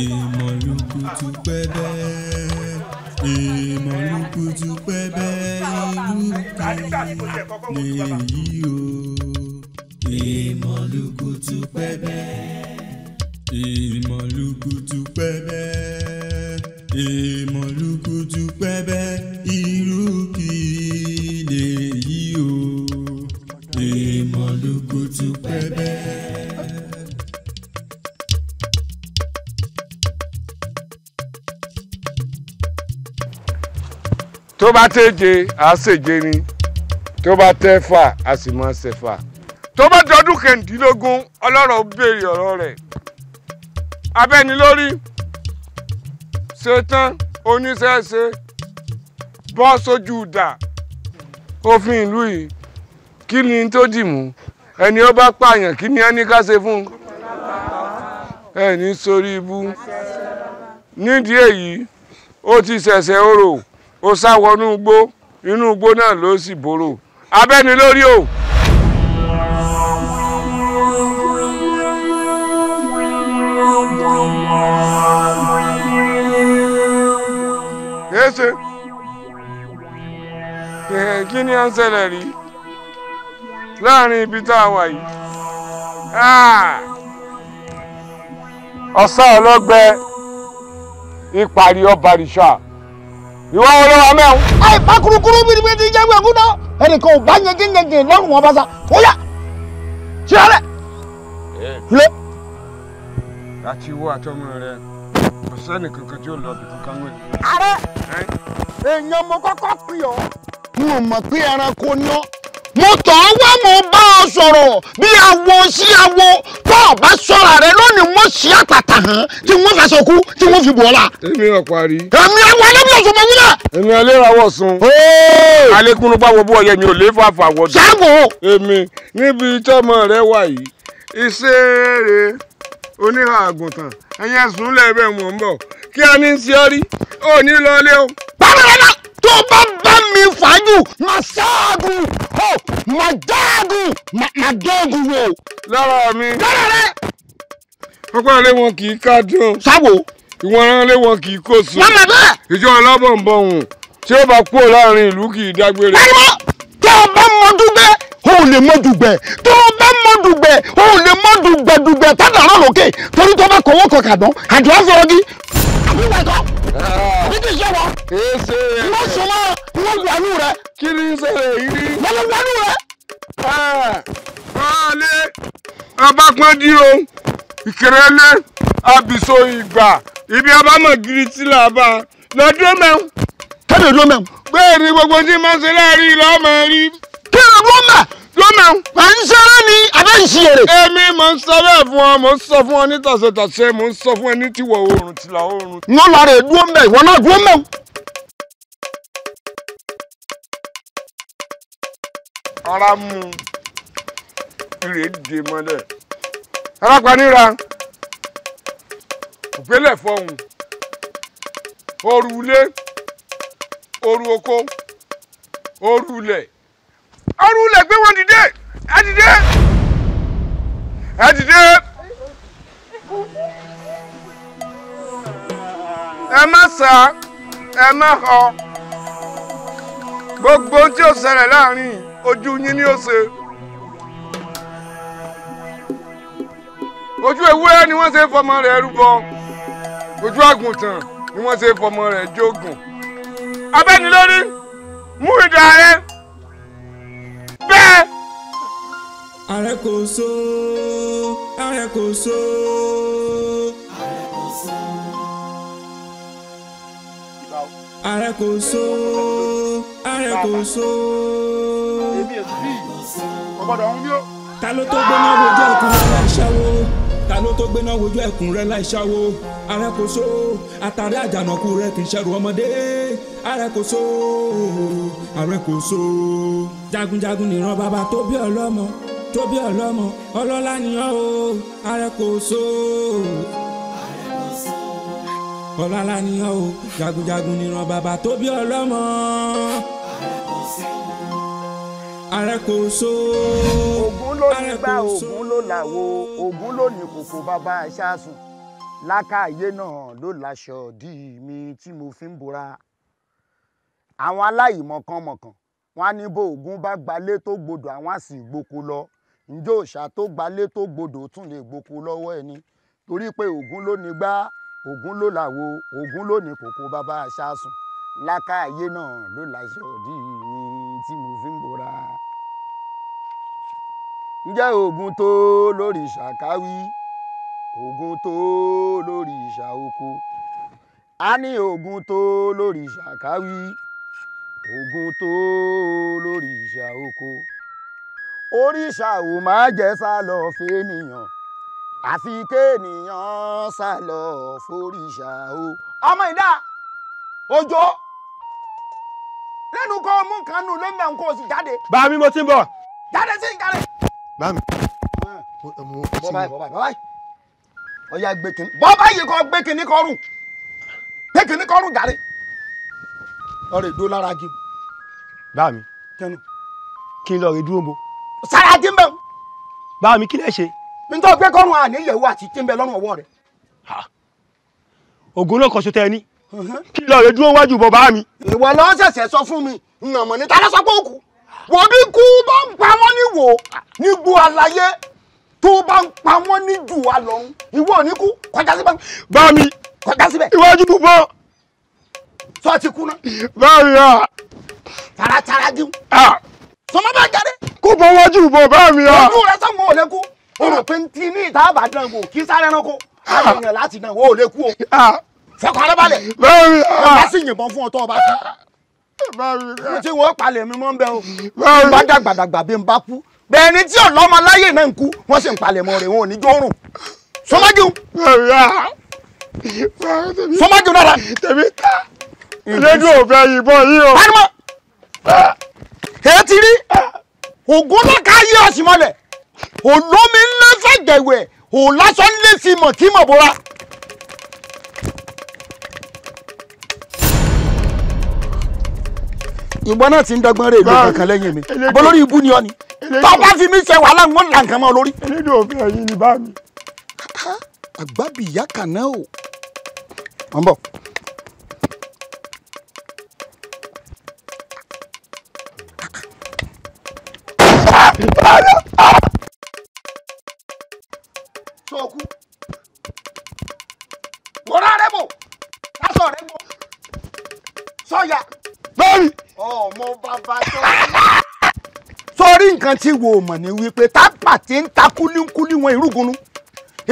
ìmọ̀lùkùtù pẹ́bẹ́ ìmọ̀lùkùtù pẹ́bẹ́ lèyí o. ìmọ̀lùkùtù pẹ́bẹ́. ìmọ̀lùkùtù pẹ́bẹ́. ìmọ̀lùkùtù pẹ́bẹ́ irú kì í lèyí o. ìmọ̀lùkùtù pẹ́bẹ́. tó bá tẹ́jẹ àá ṣèjẹ ni tó bá tẹ́ fà á sì máa ṣe fà tó bá dọdún kẹ̀ǹdínlógún ọlọ́rọ̀ béèrè ọ̀rọ̀ rẹ̀ abẹ́ni lórí ṣetán oníṣẹ́ṣe bọ́ sójú dà òfin ìlú yìí kí ni tó dì mú ẹni ó bá pààyàn kí ni ẹni ká ṣe fún ẹni sórí ibú nídìí èyí ó ti ṣẹ̀ṣẹ̀ orò ó sá wọnú igbó inú igbó náà ló sì borò abẹ́ni lórí o. yéèṣe kí ni à ń ṣẹlẹ̀ rí láàrin ibi tá a wà yìí. Ah! ọ̀sán ọlọ́gbẹ́ ìparí ọba rìṣà ìwà ọlọ́wà mẹ́wọ̀n. àìpá kurukuru bíi ti jẹ́ gbẹ̀gúndọ̀ ẹnìkan ò bá yẹngẹngẹngẹ lọ́rùn wọn bá sa ó yà ṣíra rẹ̀ lé. àti wo àtọmọ rẹ kò sẹ́ni kankan tí ó lọ bí kankan wẹ̀. ààrẹ èèyàn mo kọ́kọ́ pè ọ́. n ò mọ̀ pé ẹranko ná mo tọ̀ ọ́ wá mo bá ọ sọ̀rọ̀ bí awo sí awo tó o bá sọ̀rọ̀ rẹ lónìí mo ṣí àtàtà hàn tí wọ́n fẹ́ sọkú tí wọ́n fi bù ọ́ la. èmi ò parí. èmi àwọn ẹlẹ́bí ọ̀sùn mọ̀ wílẹ̀. èmi alẹ́ sun. alekunu bá wo ọyẹ mi ò lè fà fà wọ. sáàbò. èmi níbi tọ́mọ rẹ wà yìí iṣẹ́ rẹ oníhà àgùntàn ẹ̀yẹ sùn lẹ́ẹ̀bẹ̀ mọ̀ ń bọ̀ kí a ní í ọ rí òní lọ lé o. báwo ni wọn tó bá bá mi fàájù mà ṣáàgùn ó mà dáàgùn mà dọ́ọ̀gùn wò. lára mi. lára rẹ. pápá ilé wọn kì í kádùn. sáwo. ìwọ̀n ara ilé wọn kì í kó sùn. wọ́n mọ̀ bẹ́ẹ̀. ìjọ alábọ̀nbọ̀n tí ó bá kúrò láàrin ìlú kì í dágbére. bẹ́ẹ̀ ni tó o bá mọdú gbẹ o ò lè mọdú gbẹ tó o bá mọdú gbẹ o ò lè mọdú gbẹdùgbẹ tádàrán lókè torí tó bá kọwọ́ kọkàdán àdúrà fọwọ́gí àbí ìwà ẹ̀kọ́ ah. àbí kì í ṣe wọ. èsè rẹ ìwọ sọmọ ìwọ gbànú rẹ. kí ni ń ṣẹlẹ̀ yìí. lọ́lọ́ gbànú rẹ. ọ̀ọ́lẹ́ ah. abápọ́ndí o ìkẹrẹ́lẹ́ abiso ìgbà ibi abámọ̀ gidi tí là bá lọ́dún mẹ́wọ́. kẹ́lẹ́ ló mẹ́wọ́. bẹ́ẹ̀ ni gbogbo tí máa ń ṣe láàrin ìlú rí. kí ló mọ̀ lọ́nà. mà ń sọ̀rọ̀ ni abẹ́ ń ṣe èrè. èmi mò ń sọ bẹ́ẹ̀ fún ọ mò ń sọ fún ọ ní tàṣẹtàṣẹ mò ń sọ fún ẹ ní tiwọ̀ oòrùn tìlà oòrùn. wọn lọ rẹ dúró mẹ ìwọ náà dúró mẹ. ara mu ìrè dè mọ́lẹ̀ arápanira ògbélẹ̀ fọhùn òrùlé òrùoko òrùlẹ̀ òrùlẹ̀ ẹ dìde ẹ dìde ẹ má sá ẹ má họ gbogbo ohun tí ó ṣẹlẹ̀ láàrin ojú yín ni ó ṣe ojú ewúrẹ́ ni wọ́n ṣe fọmọ rẹ̀ rúbọ ojú àgùntàn ni wọ́n ṣe fọmọ rẹ̀ jógùn abẹ́nilórí mú ìdá ẹ. Arekoso, Arekoso. Arekoso, Arekoso. Ta ló tó gbéná wojú ẹkùn rẹ láìṣáwó? Ta ló tó gbéná wojú ẹkùn rẹ láìṣáwó? Arekoso, àtàrí àjànàkú rẹ kì í ṣẹrù ọmọdé. Arekoso, Arekoso. Jagunjagun nìran bàbá tó bí ọlọ́mọ tóbi ọlọ́mọ ọlọ́lá nìyàn o ààrẹ kò so ọlọ́lá nìyàn o jagunjagun nìran bàbá tóbi ọlọ́mọ ààrẹ kò so. ògún ló ní gbá ògún ló làwo ògún ló ní kòkó bàbá aṣáàsùn lákàáyé náà ló láṣọ dì mí tí mo fi ń bora àwọn aláìmọ̀kànmọ̀kàn wọn á ní bó ògún bá gbalé tó gbodò àwọn àsìgbòkó lọ ǹjẹ́ òòṣà tó gbalé tó gbodò tún lè gboko lọ́wọ́ ẹni torí pé ògún ló ní gbá ògún ló làwo ògún ló ní kòkó bàbá aṣáàsùn lákàáyé náà ló láṣẹ òdì mi tí mo fi ń bora. ǹjẹ́ ògún tó lórí ṣàkáwí ògún tó lórí ṣàoko a ní ògún tó lórí ṣàkáwí ògún tó lórí ṣàoko oríṣà ò máa jẹ́ sá lọ fẹ́nìyàn àfi kéènìyàn sá lọ foríṣà o. ọmọ ìdá ọjọ́ lẹ́nu kọ́ mú kánú lónìí àwọn kò sì jáde. bá mi mo ti ń bọ̀. jáde sí jáde. bá mi. bọ́ báyìí bọ́ báyìí bọ́ báyìí ọ̀ya gbé kínní bọ́ báyìí kọ́ gbé kínní kọ́rùn gbé kínní kọ́rùn gàrí. ọ̀rẹ́ ìdó lára gí. bá mi. kí n lọ rí dúró mo sára dín bẹ́ẹ̀. bá mi kí lè ṣe. nítorí pé kọ́run àníyẹ̀wò àti tí ń bẹ lọ́rùn ọwọ́ rẹ̀. ògùn náà kọṣu tẹ ni kí lọ rẹ dúró wájú bàbá mi. ìwọ ló ń ṣẹ̀ṣẹ̀ sọ fún mi nà mọ̀ ní tálẹ́ sọ pé òkú wọ́n bí kú bá ń pa wọ́n ní wò ní gbó àlàyé tó bá ń pa wọ́n ní jù wá lọ́run ìwọ ní kú kọjá síbẹ̀. bá mi kọjá síbẹ̀. iwájú púpọ̀. sọ ti kú náà. bá mi rà. taratara dín. sọmọ bá jáde kó bọ́ wájú bọ̀ bá mi a. ojú rẹ sọ́gun ò lè kú o rò pé ti ní ìta àbàdàn wò kí sáré ránkó ah. àyàn láti dàn wò ò lè kú o. Ah. fọkàn rẹ balẹ̀ ọba ah. sì yìnbọn fún ọtọ ọba kú. mo ti wọ́n palẹ̀ mi mọ́ ń bẹ o. n bá dàgbàdàgbà bí n bá kú bẹ́ẹ̀ ni tí ọlọ́mọ náà ń kú wọ́n sì ń palẹ̀ mọ́ rẹ̀ wọn ò ní jórùn. sọmájú sọmájú náà tèmi ta ìlédùn òbẹ yìnbọn yìí o. bá a ní mọ èyí ti rí ògùn náà ká yé ọ̀sìn mọ́lẹ̀ olómi ńlá fẹ̀gẹ̀wẹ̀ òlásọ ńlẹ̀ fi mọ̀ tí mọ̀ bóra. ìgbọ́n náà ti ń dọ́gbọ́n rẹ̀ ìlú kankan lẹ́yìn mi bọ́lórí ibú ni ọ ni tọ́ba fi mi ṣe wàhálà ń wọ́n là nǹkan mọ́ lórí. elédè òfin ẹ̀yìn ni bá mi. àgbàbí ìyá kan náà o. wọ́n bọ̀. sọkú ah! wọ́rọ̀ rẹ bò sásọ rẹ bò sọyà. bẹ́ẹ̀ni. ọmọ bàbá tó. sọrí nǹkan tí wo mọ̀ ni wípé tápà ti ń ta kúlíkúlí wọn ìrúgunnu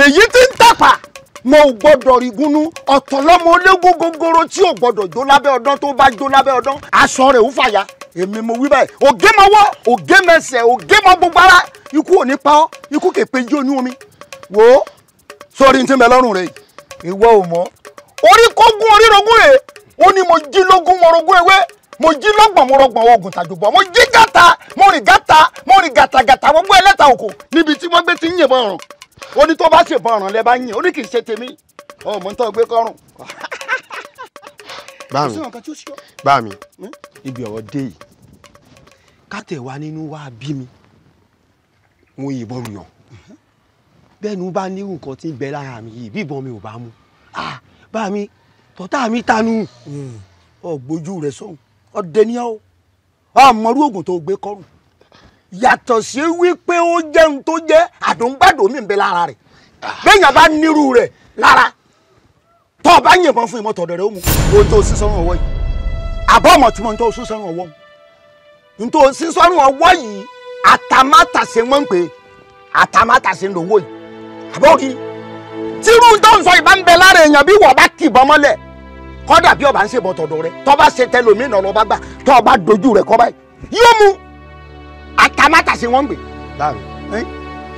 èyí ti ń tàpà mo ò gbọ́dọ̀ rí gúnú gogoro tí ò gbọ́dọ̀ jó lábẹ́ ọdán tó bá jó lábẹ́ ọdán aṣọ rẹ̀ ò fàya èmi mo wí báyìí ògé mọ wọ́ ògé mẹsẹ̀ ògé mọ gbogbo ara ikú ò ní pa ọ́ ikú kè pé jónú omi wò ó sórí ti ń bẹ lọ́rùn rẹ̀ yìí ìwọ ò mọ̀ orí kógún orí rogún rẹ̀ ó ní mo jí lógún mo rogún ewé mo jí lọ́gbọ̀n mo rọgbọ̀n oògùn tàjùbọ̀ mo jí gàtà mo rìn gàtà mo rìn gàtàgàtà mo gbọ́ ẹlẹ́ta òkò níbi tí wọ́n gbé ti ń yìnbọn ọ̀ràn ó ní tó bá ṣèbọn ọ̀ràn lẹ́ bá yìn ó ní ṣe tèmi ọmọ ń gbé kọ́rùn. (laughs) bá mi ibi ọ̀rọ̀ dé yìí kátẹ̀ wa nínú wa bí mi mo yìnbọn yàn bẹ́ẹ̀ ni bá nírú nǹkan tí ń bẹ lára mi yìí bí ìbọn mi ò bá mu bá mi tọ́tà mi tanu. ọ̀gbójú hmm. rẹ̀ sọ̀hún ọ̀dẹ ni ọ́ àmọ́rú oògùn tó gbé kọ́rù yàtọ̀ sí wípé ó jẹun tó jẹ́ àdóńgbàdó mi ń bẹ lára rẹ̀ ah. bẹ́ẹ̀ yàn bá nírú rẹ̀ lára tó o bá yìnbọn fún ìmọ̀tò ọ̀dọ̀ mu o tó o sí sọ́run ọwọ́ yìí àbọ̀ ọmọ tí mo ń tó o sí sọ́run ọwọ́ mu n tó o sí sọ́run ọwọ́ yìí àtàmátàsé wọ́n ń pè àtàmátàsé lówó yìí àbọ̀ rí tírú tó ń sọ ìbá ń bẹ lára èèyàn bí wọ́n bá kìbọn mọ́lẹ̀ kọ́dà bí ọba ń ṣe bọ̀tọ̀dọ̀ rẹ tọ́ bá ṣe tẹlómìnà ọlọ́ba gbà tọ́ ọba dojú rẹ kọ́ báyìí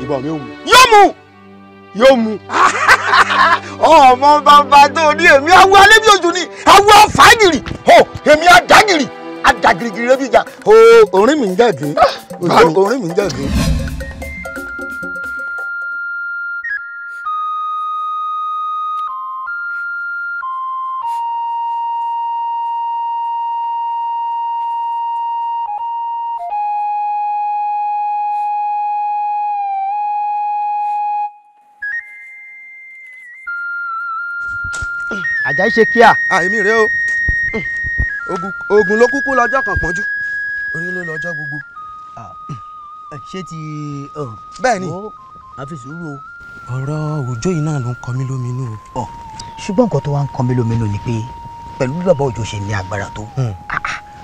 yóò yóò mu. ọmọ bàbá tó ní èmi awo alẹ́ bí ojú ni awo afágìrì ọ èmi adágìrì adagirigiri ló fi jà orin mi ń jáde ah, orin mi ń jáde. àjà ń ṣe kíá. àìmí rẹ o ogun ló kúkú lọ́jọ́ kan pọ́njú orí ló lọ́jọ́ gbogbo. ṣé ti. bẹ́ẹ̀ ni àfi sùúrù o. ọ̀rọ̀ òjò yìí náà ló ń kọ mí lóminú o. ṣùgbọ́n nǹkan tó wá ń kọ mí lóminú ni pé pẹ̀lú bí bàbá òjò ṣe ní agbára tó hmm.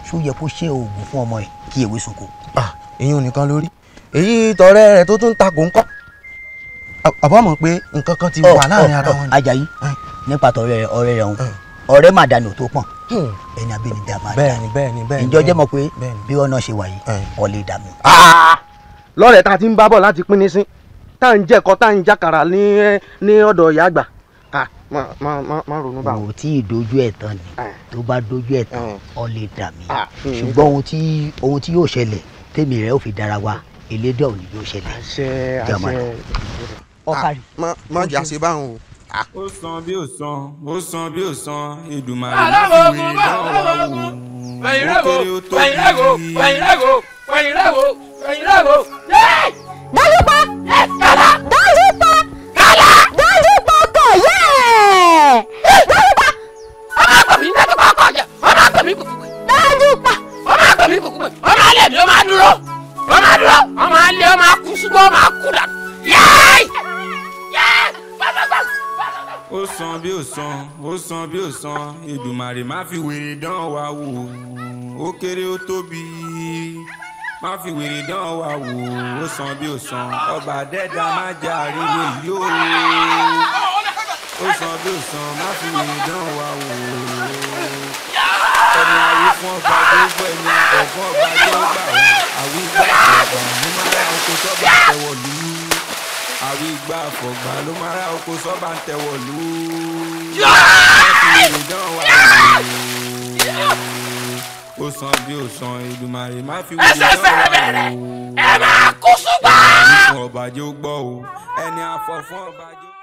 ṣó yẹ kó ṣe oògùn fún ọmọ ẹ kí ewé soko. ìyún nìkan lórí èyí tọrẹ rẹ tó tún ta kò ń kọ àbọ̀ mọ̀ pé nǹkan kan ti wà láàrin ara wọn. Àjàyí nípa tọ̀rẹ́ ọ̀rẹ́ rẹ̀ ọ̀hún hmm. ọ̀rẹ́ màdánù tó pọ̀n hmm. ẹni abínidá màdánù ìjọ jẹ́ mọ̀ pé bí ọ̀nà ṣe wà yìí hmm. ọ̀lẹ́ ìdààmú. Ah! lọ́rẹ̀ẹ́ tá a ti ń bá bọ̀ láti pín ní sí tá à ń jẹ́kọ̀ tá à ń jákàrà ní ọ̀dọ̀ ìyá àgbà ah, má ronú bá wọn. o tí ì dojú ẹ̀ tán ni tó bá dojú ẹ̀ tán ọ̀lẹ́ ìdààmú ah, ṣùgbọ́n ohun tí yóò ṣẹlẹ̀ tèmi rẹ̀ ò fi dára wa elédè òní yóò ṣẹlẹ̀ jàmọ́ ọ̀kàrí. má jà sí báwọn o ó san bí ó san ó san bí ó san Èdùmàrè ló fi rìn lọ́wọ́ wò wẹ̀yìn rẹ̀ wò wẹ̀yìn rẹ̀ wò wẹ̀yìn rẹ̀ wò wẹ̀yìn rẹ̀ wò wẹ̀yìn rẹ̀ wò. dálúpa kàlá dálúpa kàlá dálúpa kọ̀ yẹ́ dálúpa. ọmọ àgbàmí ní ẹgbẹ́ kọ̀ọ̀kan jẹ ọmọ àgbàmí kò kúkú. dálúpa. ọmọ àgbàmí kò kúkú ọmọ alẹ́ mi ó máa dúró ó máa dúró ọmọ alẹ́ ó máa kú ṣùgbọ́n ó máa kú dà. yẹ́ẹ́ yẹ́ẹ́ bá bá bá ó san bí ó san ó san bí ó san Èdùmàrè má fi wèrè dán wa wò ó kéré ó tóbi má fi wèrè dán wa wò ó san bí ó san ọba dẹ́dá má jà rere yóò ó san bí ó san má fi wèrè dán wa wò ẹni àwọn fún ọba tó gbọ́ ẹni ọ̀fọ́ ọba tó gbà wọ́n àwọn ìgbà tó gbà wọ́n mú má ra oko tó bá tẹ̀wọ̀ lù ú àwí gbà fọ̀gbà ló máa ra oko sọ́ba ń tẹ̀wọ̀ lù ú. ó san bí ó san Èdùmàrè má fi wọlé dán wà lóòó. ẹ máa kú ṣùgbọ́n. ọ̀bàjẹ́ ó gbọ́ o ẹni àfọ̀fún ọ̀bàjẹ́.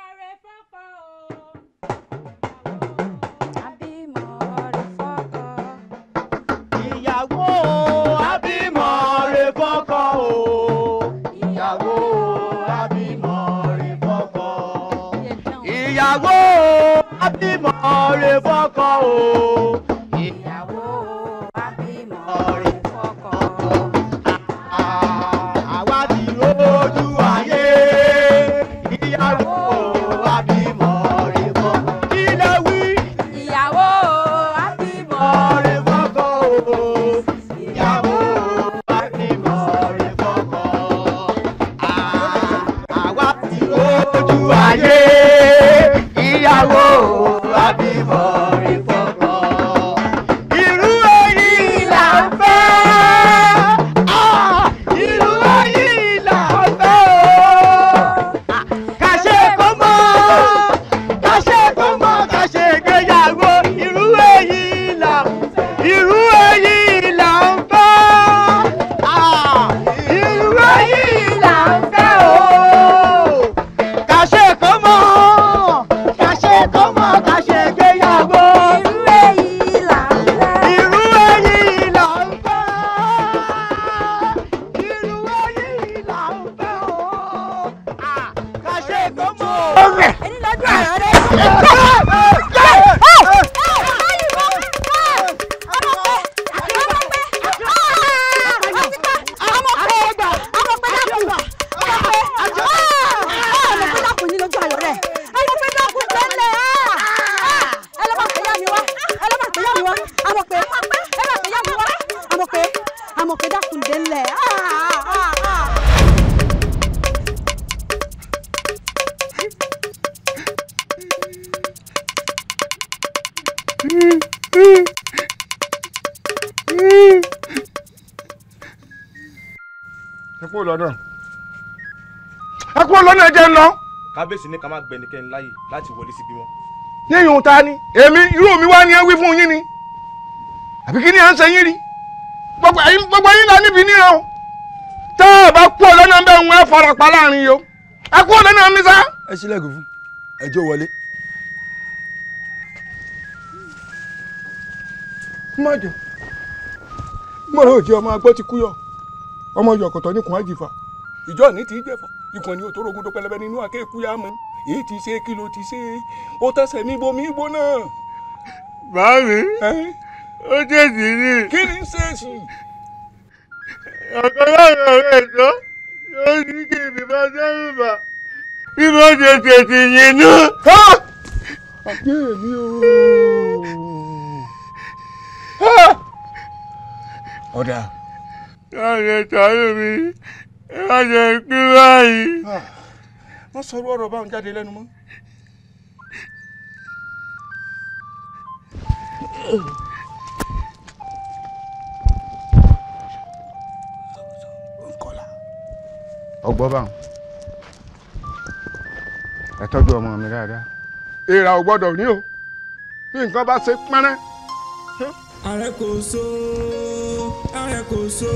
mímọ̀ rẹ̀ fọ́kọ̀ o. kúrò lọ́nà ẹ kúrò lọ́nà jẹ́ ń lọ. kábíyèsí ní ká má gbẹ ẹnikẹ́ni láàyè láti wọlé síbi wọn. yíyún ta ni èmi irú mi wá ni ẹ wí fún yín ni àbí kí ni à ń ṣe yín rí gbogbo yín la níbi níran o tẹ́ ẹ bá kú ọlọ́nà bẹ́ẹ̀ ń wọ́n ẹ fara pa láàrin yìí o ẹ kú ọlọ́nà mi sá. ẹ sílẹ̀ gùn fún ẹjọ́ wọlé. mọ̀jọ̀ mọ̀rọ̀ òjì ọmọ agbọ́ ti kú yọ ọmọ yọ̀kọ̀tọ̀ ní kùn àjìfà ìjọ ní ti jẹ̀fà ìkànnì òtórógún tó pẹlẹbẹ nínú àkékù yá mọ́ èyí ti ṣe kí ló ti ṣe ó tẹ̀sẹ̀ mi bomi igbó náà. báàmí ó jèjì ní. kí ni ṣèèṣì. ọ̀kan lára ọ̀rẹ́ ẹ̀jọ́ ló ní kí n fi máa dẹ́rù bà bí mo ṣe tètè yìí nú. àjẹ́ mi ò. ọ̀dà láti ṣàánú mi láti pín báyìí. má sọ irú ọ̀rọ̀ báwọn jáde lẹ́nu mọ́. ọgbọ́n báwọn ẹ tọ́jú ọmọ mi dáadáa. èèrà ò gbọ́dọ̀ ní o bí nǹkan bá ṣe pẹ́rẹ́ ààrẹ kò so ààrẹ kò so.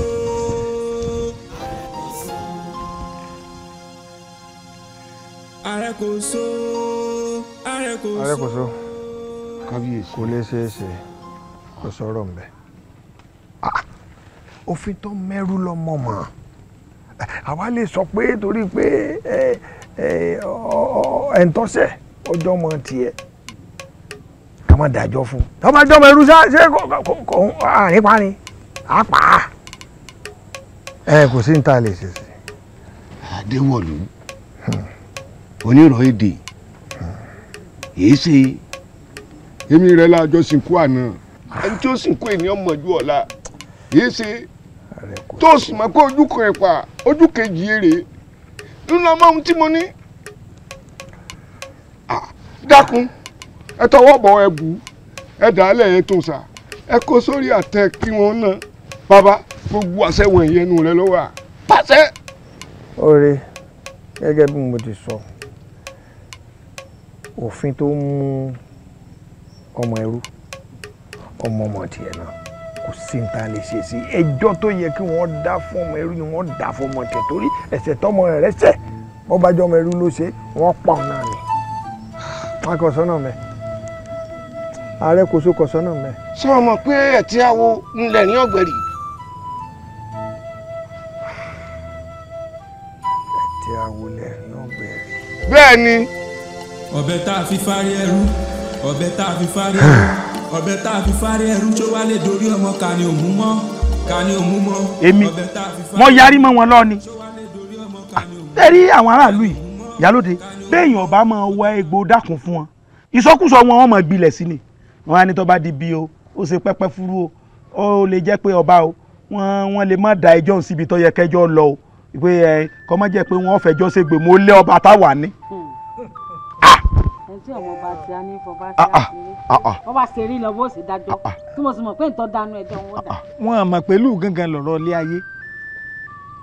ààrẹ kò so ààrẹ kò so. ààrẹ kò so kábíyèsí kò lè ṣeé ṣe kò sọ̀rọ̀ mbẹ́. Ah, òfin tó mẹ́rú lọ́mọ mọ́ àwa lè sọ pé torí pé ẹ̀ eh, eh, ẹ̀ ẹ̀ ẹ̀ ń tọ́sẹ̀ ọjọ́ mọ́ tiẹ̀ má dájọ́ fún tọ́mọ jọmọ irú sá ṣé kò àárín pa ni á pa á. ẹ kò sí ní ta lè ṣèṣe. adéwọ̀lú onírọ̀ èdè yìí ṣe. èmi rẹ̀ lájọ sìnkú àná ẹni tí ó sìnkú ènìyàn mọ̀jú ọ̀la yìí ṣe tó sì mọ̀ pé ojú kan ẹ̀pà ojú kejì èrè nínú ọmọ ohun tí mo ní dákun ẹ tọwọ́ bọ̀ ẹ bù ú ẹ dà á lẹ̀ ẹ tó sà ẹ kó sórí àtẹ kí wọ́n ná bàbá gbogbo àṣẹ wọ̀nyí ẹnu rẹ ló wà pàṣẹ. ọ̀rẹ́ gẹ́gẹ́ bí mo ti sọ òfin tó mú ọmọ ẹrú ọmọ ọmọ tiẹ̀ náà kò sí nta lè ṣe sí ẹjọ́ tó yẹ kí wọ́n dá fún ọmọ ẹrú ni wọ́n dá fún ọmọ tiẹ̀ torí ẹ̀ṣẹ̀ tọmọ rẹ̀ ṣẹ̀ bọ́bájọ́ ọmọ ẹrú ló ṣe wọ́n pa ọ̀nà rẹ̀ wọ́n á sọ́nà mẹ́ẹ̀ ààrẹ kò so kọ̀sọ́nà mẹ́. sọ ọmọ pé ẹtí awo ńlẹ ní ọgbẹrì. ẹtí awo ńlẹ ní bẹ́ẹ̀ ni. ọ̀bẹ tá a fi fárí ẹrú ọ̀bẹ tá a fi fárí ẹrú (sighs) ọ̀bẹ tá a fi fárí ẹrú tó wá lè dorí ọmọ ká ní òmú mọ́ ká ní òmú mọ́. èmi mo yarí mọ́ wọn lọ ni tẹ́rí àwọn aráàlú yìí yálóde béèyàn ọba máa wá egbò dákun fún wọn ìsọkúsọ wọn wọn máa gbilẹ̀ sí ni wọ́n á ní tó bá di bí o ó ṣe pẹ́pẹ́ fúru o ó lè jẹ́ pé ọba o wọ́n wọ́n lè má da ẹjọ́ síbi tó yẹ kẹjọ́ lọ o pé ẹ kọ́ má jẹ́ pé wọ́n fẹjọ́ ṣègbè mo lé ọba táwa ní. Hmm. Ah! ẹjọ́ ọmọ ọba ti á ní fọba sí àṣírí ọba ṣe rí lọ bó ṣe dájọ́ ah, ah. tí mo sì mọ̀ pé ìtọ́ dánú ẹjọ́ wọn dà. wọn mọ̀ pẹ̀lú gangan lọ̀rọ̀ ilé ayé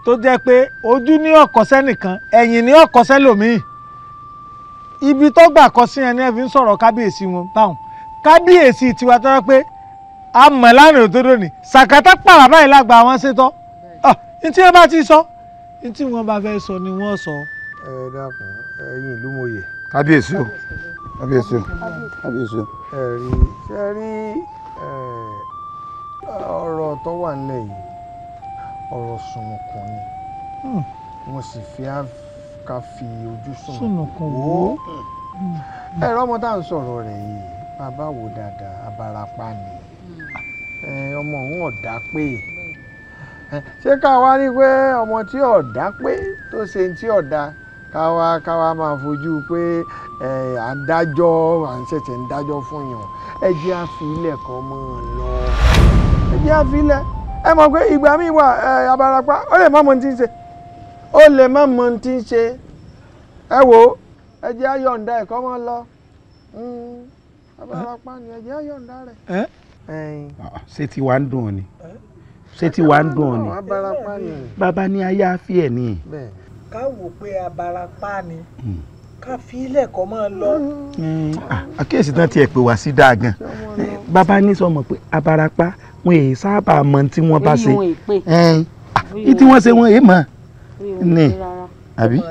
tó jẹ́ pé ojú ní ọ̀kọ́sẹ́ nìkan ẹ̀yìn ní ọ̀kọ́sẹ́ lòmíì ibi tó gbà kọ sí yẹn ni fi ń sọ̀rọ̀ kábíyèsí wọn báwọn kábíyèsí tiwa tọ́jọ́ pé a mọ̀ lánàá òtòdó ni sàkátà pàrà báyìí lágbà wọn ṣètọ́ ah, ní tí wọ́n bá ti sọ ní tí wọ́n bá fẹ́ sọ ni wọ́n sọ. ẹ dákun ẹ̀yin ìlú mòye. kábíyèsí o kábíyèsí o kábíyèsí o. ẹ rí ṣe rí ọ̀rọ̀ tó wà nílẹ̀ yìí ọ̀rọ̀ sùnùkùn ni hmm. wọ́n sì fi á ká fi ojú sùnùkùn wò ó ẹ̀rọ ọmọ tá à ń sọ̀rọ̀ rẹ̀ yìí bàbá wò dáadáa abarapa ni hmm. ọmọ òun ọ̀dà pé ṣé ká wá rí pé ọmọ tí ọ̀dà pé tó ṣe ń tí ọ̀dà ká wá máa fojú pé à ń dájọ́ à ń ṣẹ̀ṣẹ̀ ń dájọ́ fún yàn ẹ jẹ́ àfilẹ̀ kan mọ́ ọ lọ ẹ jẹ́ àfilẹ̀ ẹ mọ̀ pé ìgbà míì wà abarapa ó lè má mọ ti ń ṣe ó lè má mọ ti ń ṣe ẹ wò ó ẹ jẹ́ àyọ̀ǹda ẹ̀kọ́ mọ́ lọ. Hmm. bàbá wa pa ni ẹ̀jẹ̀ yọ̀ǹda rẹ̀. Ah, ṣé tí wàá ń dùn ọ ni ṣé tí wàá ń dùn ọ ni bàbá ní aya fi ẹ̀ ni. ká wò pé abarapá ni hmm. ká fi ilẹ̀ kọ́ máa lọ. Hmm. Ah, àkíyèsí tán tiẹ̀ pé wá sí dáa gan eh, bàbá ní sọ pé abarapá wọn èyí sábà mọ tí wọ́n bá ṣe ah, èyí tí wọ́n ṣe wọ́n èyí mọ̀ ni àbí.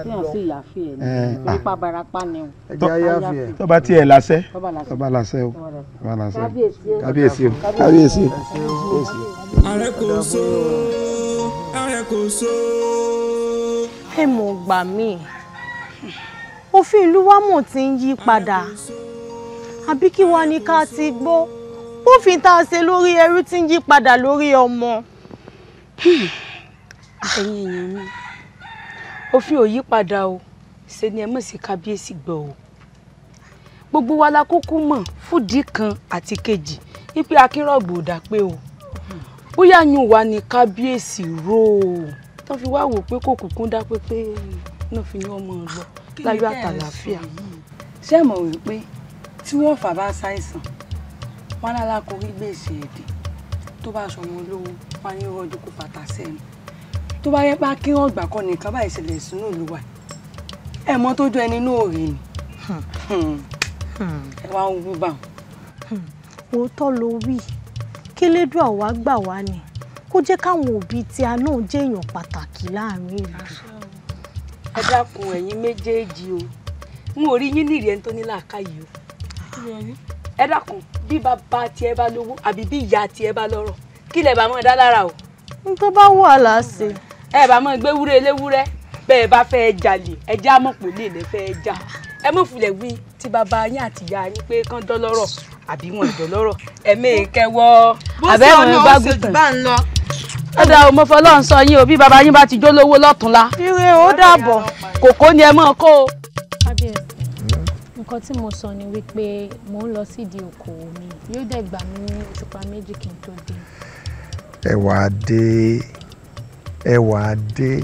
nípa barapa ni o. ẹjẹ ayé àfi ẹ. tọ́ba tiẹ̀ lásẹ̀. tọ́ba lásẹ̀ o. tọ́ba lásẹ̀ o. kábíyèsí o. kábíyèsí o. ààrẹ kò so ààrẹ kò so. ẹ mọ̀ gbà mí òfin ìlú wa mọ̀ ti ń yí padà àbí kí wàá ní ká ti gbọ́ bófin tá a ṣe lórí ẹrú ti ń yí padà lórí ọmọ. ẹ̀yin èèyàn mi òfin ò yí padà o ṣe ni ẹ mọ̀ sí kábíyèsí gbọ́ o gbogbo wa la kúkú mọ̀ fúdìí kan àti kejì wípé akínrọ̀gbò ò dá pé o bóyá yún wa ni kábíyèsí rò ó tó fi wá wò pé kò kúkún dá pé pé náà fi ní ọmọ lọ láyọ̀ àtàlàáfíà. ṣé mọ̀ wípé tí wọ́n fà bá ṣàìsàn wọn alákòrí gbèsè èdè tó bá sọ wọn lówó wọn á ní rọjò kó fàtà sẹ́nu tó bá yẹ pé kí wọ́n gbà kọ́ nìkan báyìí ṣẹlẹ̀ sínú ìlú wa ẹ mọ tó jọ ẹni náà rè ni ẹ wá ń wú bá wọn. òótọ́ ló wí kílédùà wa gbà wá ni kó jẹ́ káwọn òbí tí a náà jẹ́ èèyàn pàtàkì láàrin ìlú. ẹ dákun ẹ̀yin méjèèjì o n ò rí yín nírìí ẹni tó ní làákàyè o ẹ dákun bí bàbá tiẹ̀ bá lówó àbí bí ìyá tiẹ̀ bá lọ́rọ̀ kí lè bá mọ̀ dá lára o. n tó bá wà láṣẹ ẹ bá mọ gbé wúrẹ́ léwúrẹ́ bẹ́ẹ̀ bá fẹ́ jalè ẹjẹ́ àmọ̀pọ̀ lè lè fẹ́ jà ẹ mọ̀ fúlẹ̀ wí tí bàbá yín àti yín pé kán dọ́lọ́rọ̀ àbí wọn ìdọ́lọ́rọ̀ ẹ̀mí ìkẹwọ́ àbẹ́wọn bá gùn tán ó dá o mo fọlọ́run sọ yín o bí yín bá ti jólówó lọ́túnla. ire ó dàbọ̀ kòkó ni ẹ mọ̀ kó nǹkan tí mo sọ ni wípé mò ń lọ sídìí òkòwò mi yóò dẹ̀ gbà mí ní òṣùpá méjì kí n tó dé. ẹ wàá dé ẹwà adé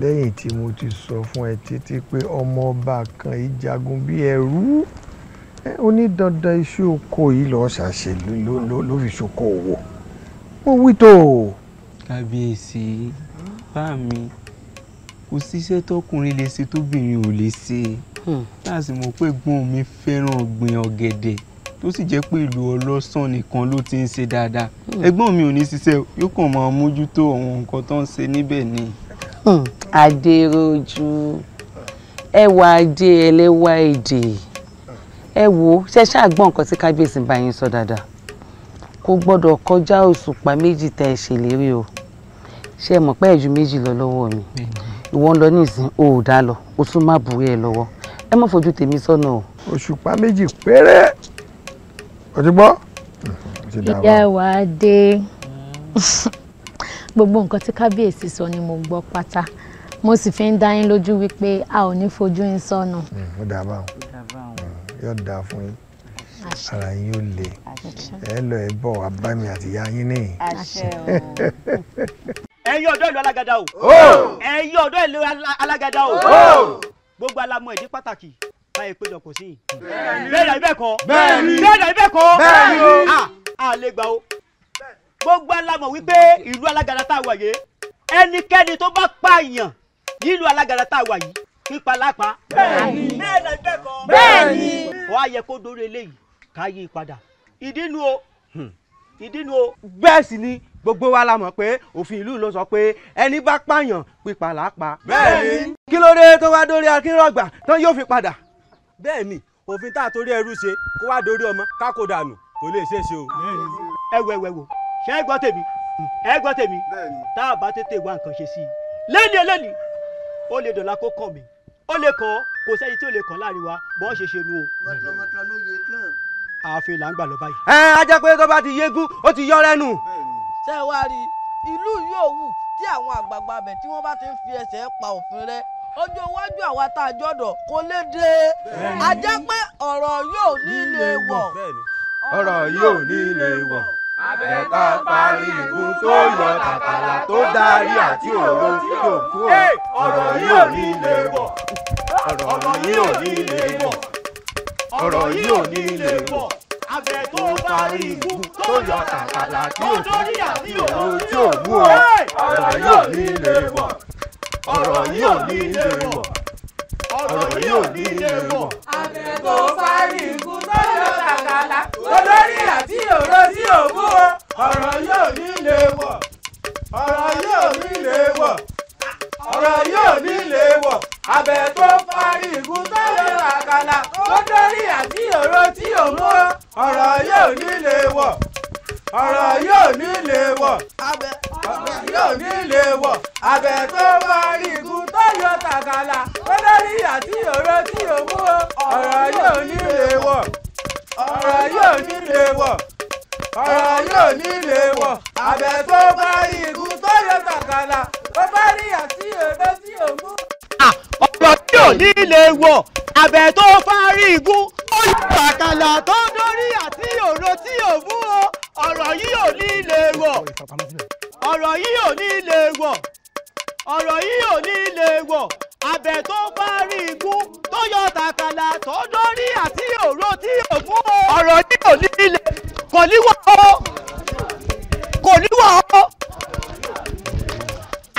lẹ́yìn tí mo ti sọ fún ẹ títí pé ọmọ ọba kan ìjagun bí ẹrú ó ní dandan iṣẹ́ oko yìí lọ́ọ́ ṣàṣe ló fi ṣoko òwò mo wí tó. kábíyèsí bá mi kò síṣẹ́ tọkùnrin lè ṣe tóbìnrin ò lè ṣe hmm. láti mọ̀ pé gbọ́n mi fẹ́ràn ọ̀gbìn ọ̀gẹ̀dẹ̀ tó sì jẹ́ pé ìlú ọlọ́sàn nìkan ló ti ń ṣe dáadáa hmm. ẹ̀gbọ́n mi ò ní ṣiṣẹ́ yóò kàn máa mójútó àwọn nǹkan tó ń ṣe níbẹ̀ ni. Hmm. adéròjú ẹwà adé ẹlẹ́wà èdè ẹ wo ṣẹṣẹ àgbọn nǹkan tí kábíyèsí bá yín sọ dáadáa kò gbọ́dọ̀ kọjá òṣùpá méjì tẹ ẹ ṣèlérí o ṣe mọ̀ pé ẹ̀jú méjì lọ lọ́wọ́ mi ìwọ ń lọ nísìn o ò dá lọ o má bùrẹ́ ẹ lọ́wọ́ ẹ má fojú tèmi sọ́nà o. òṣùpá méjì péré o mm-hmm. ti gbọ́. ìyá wa dé gbogbo nǹkan tí kábíyèsí sọ ni mo gbọ́ pátá mo sì fi ń dá yín lójú wípé a ò ní fojú yín sọnù. Mm, ó dáa báwọn mm, yóò dáa fún yín ara yín yóò le ẹ lọ ẹ bọ̀ wá àti ìyá yín nìyí. (laughs) ẹ̀yin ọ̀dọ́ ìlú alágàdá o ẹ̀yin ọ̀dọ́ ìlú alágàdá o gbogbo alamọ ìdí pàtàkì táyé péjọ kò sí. bẹ́ẹ̀ dàbí bẹ́ẹ̀ kọ́. bẹ́ẹ̀ni bẹ́ẹ̀ dàbí bẹ́ẹ̀ kọ́. a lè gbà o. gbogbo alamọ̀ wípé ìlú alágàdá tá a wà yé ẹnikẹ́ni tó bá pààyàn nílùú alágàdá tá a wà yìí pípa lápá. bẹ́ẹ̀ni bẹ́ẹ̀ dàbí bẹ́ẹ̀ kọ́. bẹ́ẹ̀ni. wọ́n á yẹ kó dórí eléyìí ká yí padà. ìdí o hmm. ìdí o. bẹ́ẹ̀ sì ni gbogbo wa la mọ̀ pé òfin ìlú ló sọ pé ẹni bá pààyàn pípa làá pa. bẹ́ẹ̀ni. kí ló dé tó wá dórí akínrọ̀gbà tán yóò fi padà bẹ́ẹ̀ ni òfin tá a torí ẹrú ṣe kó wá dorí ọmọ kákó dànù kò lè ṣeé ṣe o. ẹ ṣé ẹ gbọ́ tèmi ẹ gbọ́ tèmi tá a bá tètè wá nǹkan ṣe sí i lẹ́ni ẹlẹ́ni ó lè dọ̀la kó kàn mí ó lè kàn kò sẹ́ni tí ó lè kàn láàrin wa bọ́ ṣe ṣe nu o. mọ̀tọ́mọ̀tọ́ ló yẹ tán. ààfin là ń gbà lọ báyìí. ẹ á jẹ́ pé tó bá ti yégún ó ti yọ rẹ́nu. ṣé wàá rí ìlú yóò wù tí àwọn àgbààgbà bẹ̀ tí wọ́n bá ti ń fi ẹsẹ̀ pa òfin rẹ̀ ọjọ́ iwájú àwa tá a jọ̀dọ̀ kò lè dé a jẹ́ pé ọ̀rọ̀ yóò ní ilé wọ̀. ọ̀rọ̀ yóò ní ilé wọ̀. abẹ́ta parí igun tó yọ tàtàlà tó darí àti òró tí yóò kú o ọ̀rọ̀ yóò ní ilé wọ̀. ọ̀rọ̀ yóò ní ilé wọ̀. ọ̀rọ̀ yóò ní ilé wọ̀. abẹ́ tó parí igun tó yọ tàtàlà tí yóò kú o tí yóò mú o ọ̀rọ̀ yóò ní ilé wọ̀ ọ̀rọ̀ yìí ò ní ilé wọ̀ ọ̀rọ̀ yìí ò ní ilé wọ̀. àtẹ̀kọ́ fárí ikú tó yọ sàkàlà olórí àti òró tí ò mú o ọ̀rọ̀ yìí ò ní ilé wọ̀ ọ̀rọ̀ yìí ò ní ilé wọ̀ ọ̀rọ̀ yìí ní ilé wọ̀ abẹ parí ìgún tó lè ràkàlà ó àti òró tí òun mú ọ̀rọ̀ yóò nílé wọ̀ ọ̀rọ̀ yóò nílé wọ̀ abẹ ọ̀rọ̀ yóò nílé wọ̀ abẹ tó bá rí ikú tó yọ tàkàlà ó lórí àti òró tí ò mú o ọ̀rọ̀ yóò nílé wọ̀ ọ̀rọ̀ yóò nílé wọ̀ ọ̀rọ̀ yóò nílé wọ̀ abẹ tó bá rí ikú tó yọ tàkàlà ó bá rí àti òró tí ò mú o ọ̀rọ̀ tí ò ní lè wọ̀ àbẹ̀ tó fárí igun ó yí pàkàlà tó dórí àti òro tí ò mú o ọ̀rọ̀ yìí ò ní ilé wọ̀ ọ̀rọ̀ yìí ò ní ilé wọ̀ ọ̀rọ̀ yìí ò ní ilé wọ̀ abẹ tó bá rí igun tó yọ tàkàlà tó lórí àti òró tí ò mú o. ọ̀rọ̀ yìí ò ní ilé kò níwọ̀ o kò níwọ̀ o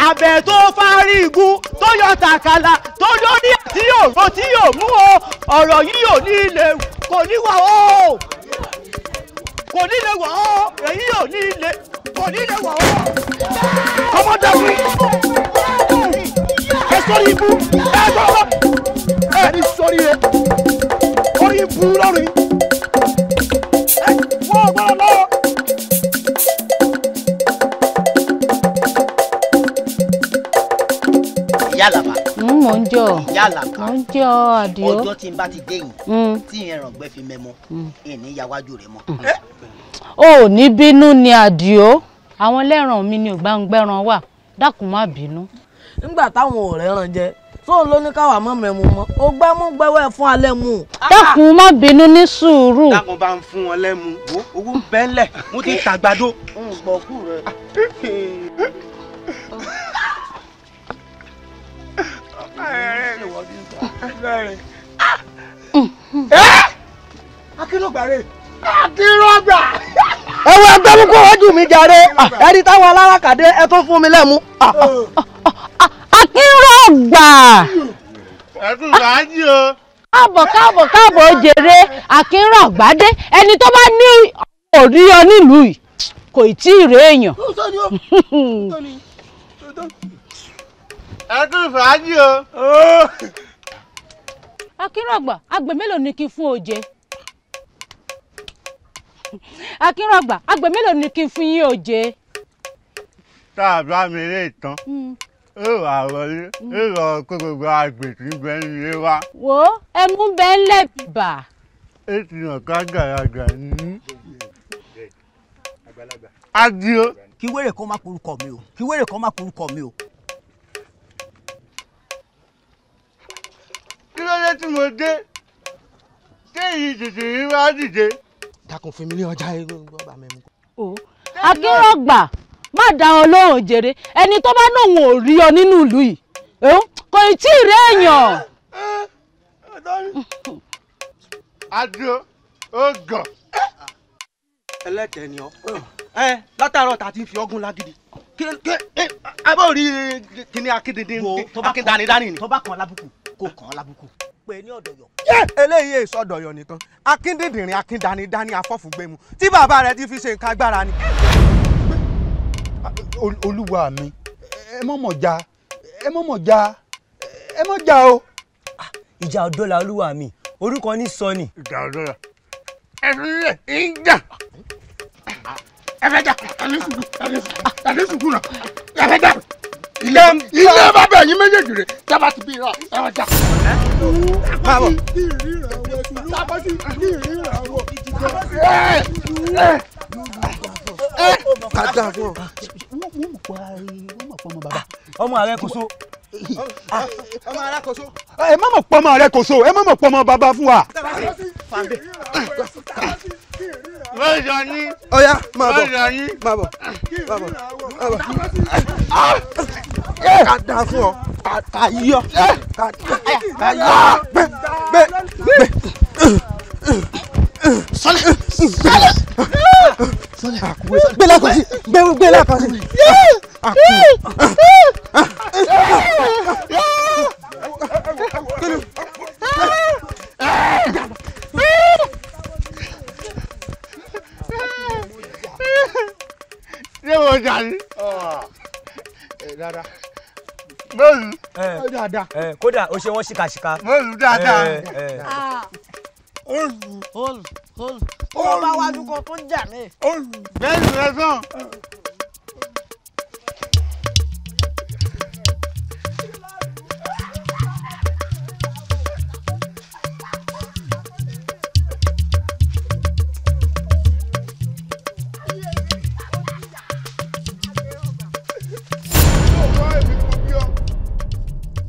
abẹ tó fárí igun tó yọ tàkàlà tó lórí àti òró tí yóò mú o ọ̀rọ̀ yìí ò ní ilé kò níwà o kò ní lè wà ọ́ èyí ò ní lè kò ní lè wà ọ́. ọmọ ẹ sọrí ibú ẹ gbọ́ ẹ ní sọrí ẹ orí ibú lọ́rùn yálà bá. Mm, mò ń jọ yàlà kan mò ń jọ àdìo ọjọ́ tí n bá ti dé yìí mm. tí ìrìn ọ̀gbẹ́ fi mẹ́mọ́ mm. ìní yàwájú rẹ̀ mọ́. o ò ní bínú ni àdìo àwọn lẹ́ràn mi ni ògbàǹgbẹ́ran wà dákun má bínú. nígbà táwọn ò rẹ́ràn jẹ tó ló ní káwà mọ́ mẹ́mu mọ́ ó gbá mú gbẹ́wẹ́ fún alẹ́ mu. dákun má bínú ní sùúrù. dákun bá ń fún wọn lẹ́mu owó bẹ́ńlẹ̀ mo ti tàgbàdo. ń gbọ́ kú rẹ. (laughs) akínúgbàre. akínúgbà. ẹgbẹ́ mú kó mi jàre ah, ẹni táwọn alárakàdé ẹ tó fún mi lẹ́mu. akínúgbà. ẹ tún rájí o. káàbọ̀ káàbọ̀ káàbọ̀ jèrè akínrọ̀gbádé ẹni tó bá ní (laughs) ẹ o. (laughs) akínrọ̀gbà agbè mélòó ni kí n fún oje akínrọ̀gbà agbè mélòó ni kí n fún yín oje. tá a bá mi lè tán hmm. ó wà wọlé hmm. ó lọ kó gbogbo agbè tí ń bẹ nílé wa. wo ẹmu bẹ ń lẹ́bà. ètò ìyànká gàràgà ní. adio. kí wèrè kan má porúkọ mi o kí wèrè kan má porúkọ mi o kí ló dé tí mo dé téyì tètè yìí wá dìde. dákun fún mi ní ọjà irun gbọ́gbà mẹ́mu. o akínrọ̀gbà má dá ọ lóhùn jèrè ẹni tó bá náà wọn ò rí ọ nínú ìlú yìí kò tí ì rẹ èèyàn. adó ó gàn. ni ọ ẹ látàárọ̀ tá a ti fi ọgún lágídí kí ẹ bá rí kíní akíndíndín akíndanidánì ni. tó bá kàn lábùkù kò kàn án lábùkù pé ní ọ̀dọ̀yọ̀. eléyìí èso ọ̀dọ̀yọ̀ nìkan akíndìndìrín akíndanidání afọ́fùgbẹ́mu tí bàbá rẹ ti fi ṣe nǹkan agbára ni. olúwa mi ẹ mọ̀ mọ̀ já ẹ mọ̀ mọ̀ já ẹ mọ̀ já o. Ah, ìjà ọ̀dọ́là olúwa mi orúkọ ní sọ ìjà ọ̀dọ́là ẹnu rẹ̀ ń jà ẹ fẹ́ jà ẹ ní sùkúrù ẹ ní sùkúrù ẹ fẹ́ jà ilé bàbá ẹ̀yin méjèèjì rẹ̀ tábà ti bí ra ẹ̀rọ jà. báwo. tábà ti bí ìrírà wọ. ká dà fún ọ. wọ́n mọ̀ pa wọ́n mọ̀ pa ọmọ bàbá. ọmọ ààrẹ kò so. Ah. ọmọ ààrẹ kò so. ẹ má mọ̀ pa ọmọ ààrẹ kò so ẹ má mọ̀ pa bàbá fún wa mẹ́jọ ní. bọ̀ mẹ́jọ bọ̀ máa bọ̀ máa bọ̀. ká dáa fún ọ ká yọ ká yọ bẹ bẹ bẹ. sọlẹ sọlẹ sọlẹ àkùwé gbé lákàtí gbé lákàtí ah, àkùwé. ṣé mo jà ní. dáadáa mọ́ọ̀lù dáadáa. kódà o ṣe wọ́n ṣìkàṣìkà. mọ́ọ̀lù dáadáa. Ah. olù olù olù. ó bá wájú kan tó ń jà mí. olù bẹ́ẹ̀ ni ẹ sàn.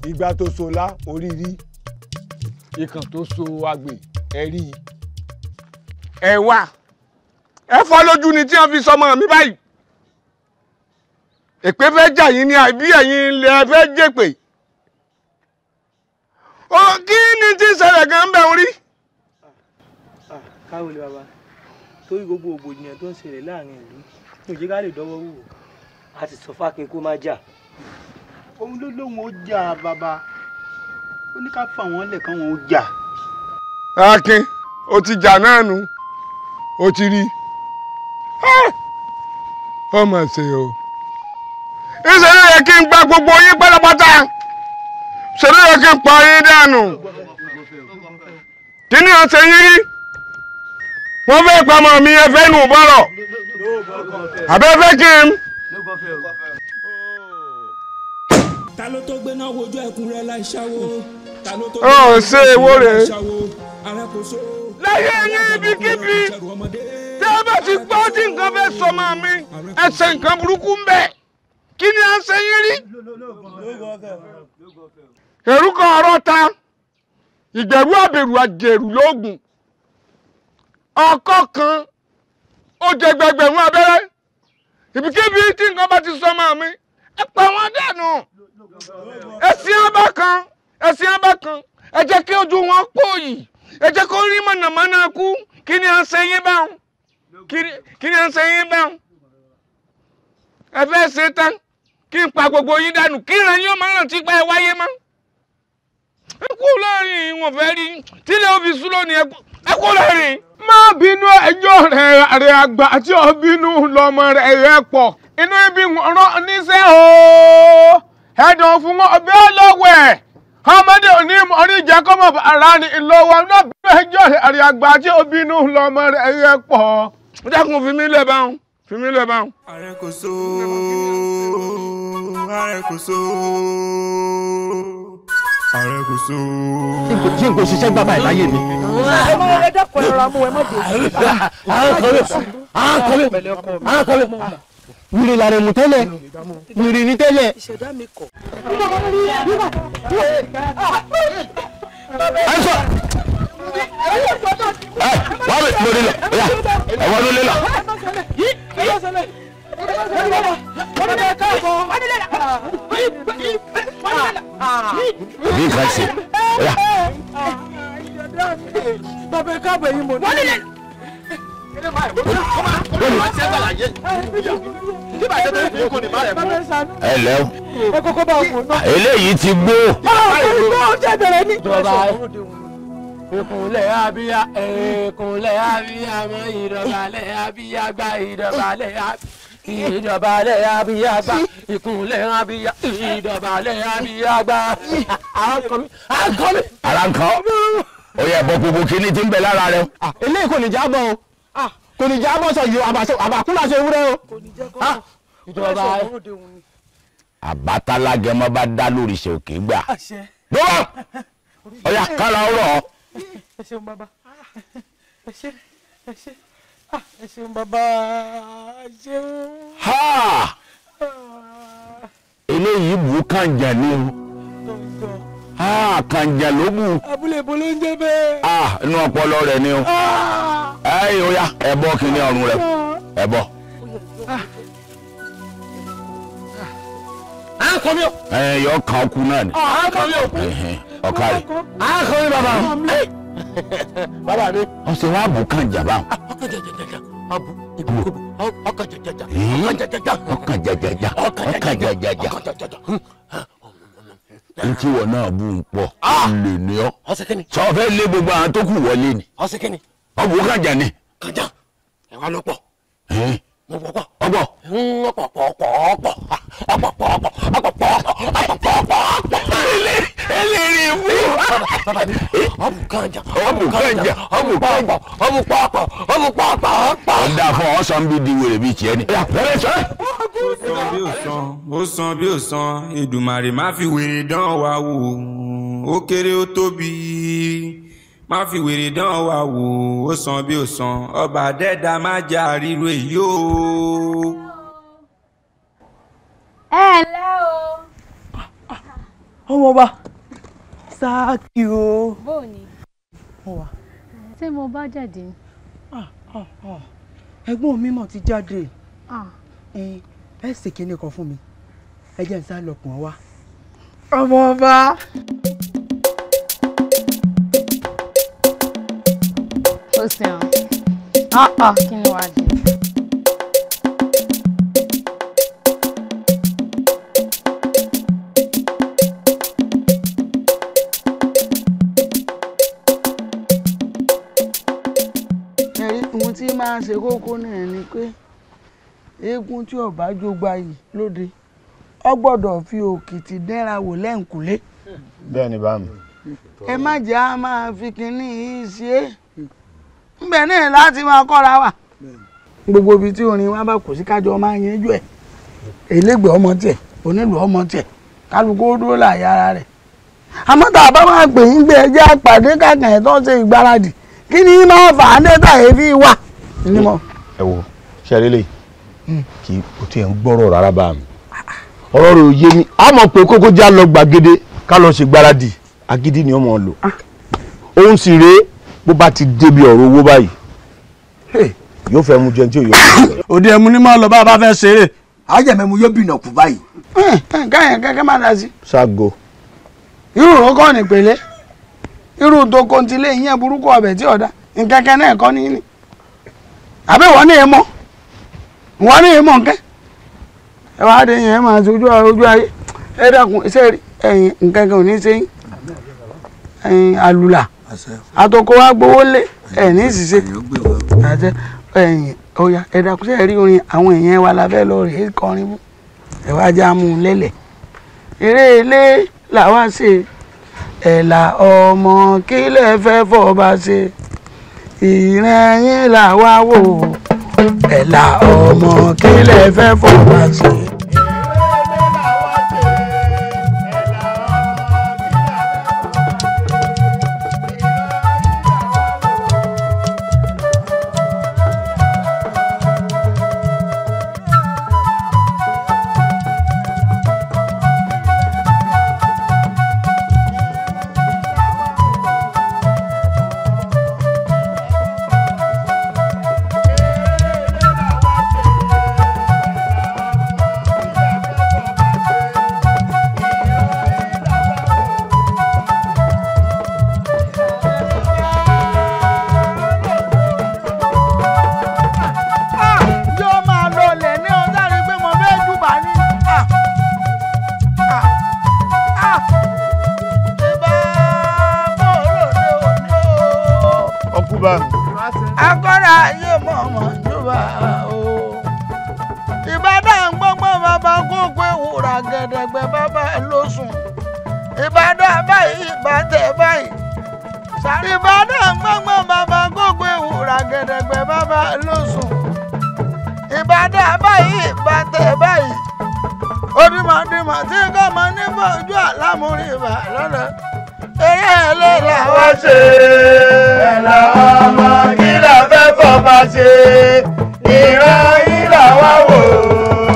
ìgbà tó so lá oríire ìkàn tó so agbè ẹ̀rí ẹ̀wà ẹ̀fọ́ lójú ni tí wọ́n fi sọmọ mi báyìí èpè fẹ́ jà yín ní àbí ẹ̀yin ilẹ̀ fẹ́ jèpè kí ni tí ṣẹlẹ̀ gan ń bẹ̀ ń rí. káwọ lè bàbá torí gbogbo ògbòdìyàn tó ń ṣẹlẹ̀ láàrin ìlú kò jẹ́ ká lè dọ́wọ́ wò a ti sọ fákin kó má jà òun ló lóun ó jà bàbá ó ní ká fà wọ́n lẹ̀ kán ó jà. akin o ti jà náà nu o ti rí ó mà ṣe o ìṣèlú yẹ kí n gba gbogbo yín pátápátá ìṣèlú yẹ kí n pa yín dànù kí ni ọ̀sẹ̀ yín rí wọ́n fẹ́ pamọ́ mi ẹ fẹ́ nù bọ́rọ̀ àbẹ́fẹ́ kí n ta ló tó gbéná wojú ẹkùn rẹ láì ṣáwó ta ló tó gbéná wojú ẹkùn rẹ láì ṣáwó arákòóso. láyé ní ibikíbi tí a bá ti gbọ́ tí nǹkan fẹ́ sọ máa mi ẹsẹ̀ nǹkan burúkú ń bẹ kí ni à ń ṣe yín rí. èrú kan ọ̀rọ̀ ta ìgbẹ̀rú àbẹ̀rù àjẹrù lóògùn ọkọ kan ó jẹ gbẹgbẹ̀rún abẹ́rẹ́ ibikíbi tí nǹkan bá ti sọ máa mi. ẹ pa wọn dànù ẹ̀sìn esi aba kan! ẹ jẹ́ kí ojú ẹ jẹ́ kó rí mọ̀nàmọ́ná kú kí ni à ń ṣe yín báwọn kí ni à ń ṣe kí n pa gbogbo yín dànù kí ìran yín ó mara ti pa ẹ wáyé mọ́ ẹ kú lórí wọn fẹ́ rí tílé òbí sùn lónìí inú ibi rán níṣẹ́ o ẹ̀dùn fún ọbẹ̀ ọlọ́wẹ̀ ọmọdé òní oníjà kọ́mọ̀ ara ni ìlọ́wọ́ náà bí ẹjọ́ rẹ̀ àgbà tí obìnú lọ́mọ rẹ̀ yẹ pọ̀. ó dákun fi mí lẹ̀ báwọn fi mí lẹ̀ báwọn. ààrẹ kò so ààrẹ kò so ààrẹ kò so. tí n kò ṣiṣẹ́ gbàgbà ẹ̀ láyé mi. ẹ má ẹ dákun ẹ rọra mú ẹ kọ́lé à kọ́lé à kọ́lé wìrì làrẹ̀ mú tẹ́lẹ̀ wìrì ní tẹ́lẹ̀. ìṣẹ̀dá mi kọ̀. ẹ sọ ẹ wàá mi mo nílò ọyà ẹwà ló nílò. bí nǹkan ṣe ọyà. bàbá ẹ lẹ o eléyìí ti gbó. ó jẹ bẹ̀rẹ̀ ní. ìkúnlẹ̀ abíyá ìkúnlẹ̀ abíyá mọ ìdọ̀bálẹ̀ abíyá gba ìdọ̀bálẹ̀ abíyá ìdọ̀bálẹ̀ abiyagba ìkúnlẹ̀ abiya ìdọ̀bálẹ̀ abiyagba àkọ́mí àkọ́mí. ara nǹkan ó yẹ bọ gbogbo kínní tí ń bẹ lára rẹ. eléyìí kò ní jábọ̀ o kò ní jẹ́ abọ́sọ̀ yìí àbàkúlà ṣe wúrẹ́ o. kò ní jẹ́ kọ́ ah, ìjọba àbátalágẹmọ bá dá lórí ṣe òkè gbà lọ́wọ́ ọ̀yà kára ọ̀rọ̀. ẹ ṣeun bàbá ẹ ṣe ẹ ṣe ah, ẹ ṣeun bàbá ẹ ṣeun. ha ah. eléyìí bù kàn jẹ ní o kànjà lógún. abúlé bolo ń jẹ bẹ́ẹ̀. ah inú ọpọlọ rẹ ni o. ẹyìn ó yá ẹ bọ kíní ọrùn rẹ ẹ bọ. à ń kọ́ mi o. ẹ yọ ọkàn ọkùn náà ni. à ń kọ́ mi o. ọkàrí. à ń kọ́ mi bàbá o. Hmm. bàbá mi. ọ̀sẹ̀ wa bù ah, kànjà báwọn. ọkàn jẹjẹjẹjẹ abu ibùkún ọkàn jẹjẹjẹ. ọkàn jẹjẹjẹ ọkàn jẹjẹjẹ ọkàn jẹjẹjẹ ntí wọn náà bù ń pọ̀ ah! lè ní ọ sọ fẹ́ lé gbogbo àwọn tó kù wọlé ni ọbùn kànjà ni kànjà ẹ wá lọ́pọ̀ ọgbọ eléyìí fún ọmùkànjà ọmùkànjà ọmùpàpà ọmùpàpà ọmùpàpà ọpà. ọ̀dà fún ọ̀sán bíi má fi wèrè dán wa wò ó san bí ó san ọba dẹ́dà má jà ríro èyí o. ẹ ǹlẹ́ o. ọmọ ọba sáàkì o. bóò ni. mo wà. ṣé mo bá jáde. ẹ̀gbọ́n mi mọ̀ ti jáde ẹ ṣèkínní kan fún mi ẹ jẹ́ ń sá lọ́kùn ọ wá. ọmọ ọba. ṣe hàn ọ̀ọ́ kí ni wàá jẹ. ohun tí máa ń ṣe kókó náà ni pé eégún tí ọba jogba yìí lóde ọ gbọ́dọ̀ fi òkìtì dẹ́ra wò lẹ́ǹkùlé. bẹ́ẹ̀ ni bá mi. ẹ má jẹ́ a máa fi kínní yìí ńbẹ náà láti máa kọ́ra wa gbogbo ibi tí orin wa bá kù sí kájọ máa yanjú ẹ̀ elégbè ọmọ tiẹ̀ onílù ọmọ tiẹ̀ kálukú dúró láàyè ara rẹ̀ àmọ́ tá a bá máa pè yín gbé ẹjẹ́ àpàdé kàkàn ẹ̀ tó ṣe ìgbáradì kí ni máa fà á nẹ́tà èéfì wà. ẹ wo ṣe hmm. kì í kò a mọ̀ pé kókó lọ gbàgede ká lọ agídí ni ọmọ lò òun ah. sì rèé bó bá ti débi ọ̀rọ̀ owó báyìí yóò fẹ́ mu jẹun tí yóò yọ. òde ẹmu ni máa lọ bá a bá fẹ́ ṣeré. ajẹmẹmu yóò bìnà kú báyìí. káyọ̀ kẹ́kẹ́ máa sí. sago. irú rọ́kọ̀ ní ìyẹn burúkú ọbẹ̀ tí ọ̀dà náà kọ́ ni. àbẹ́ wọ́n ní èèmọ̀ wọ́n ní èèmọ̀ nkẹ́. ẹ wá dé yẹn máa ṣe ojú ojú ayé ẹ ṣe àtòkò wa gbowó lé ẹ̀ ní ìṣiṣẹ́ àjẹ ẹ̀yìn ọ̀yà ẹ̀dàkúṣẹ́ rí orin àwọn èèyàn wa la fẹ́ lọ rèé kọrin bú ẹ̀ wá já mú un lélẹ̀ eré ilé làwa ṣe ẹ̀là ọmọ kílẹ̀ fẹ́ fọba ṣe ìrẹ́yìn làwa wò ẹ̀là ọmọ kílẹ̀ fẹ́ fọba ṣe. àgẹ̀dẹ̀gbẹ̀ bàbá lóṣùn ìbàdàn báyìí ìbàtẹ̀ báyìí ìbàdàn gbọ́ngbọ́n bàbá gbogbo ìwúrà gẹ̀dẹ̀gbẹ̀ bàbá lóṣùn ìbàdàn báyìí ìbàtẹ̀ báyìí odìmọ̀dìmọ̀ tí kò mọ nígbà ojú àlámúrí ìbà lọ́nà eré ẹlẹ́la wá ṣe ẹ̀là ọmọ kí la fẹ́ fọ́ bá ṣe ìran ìlà wá wò ó.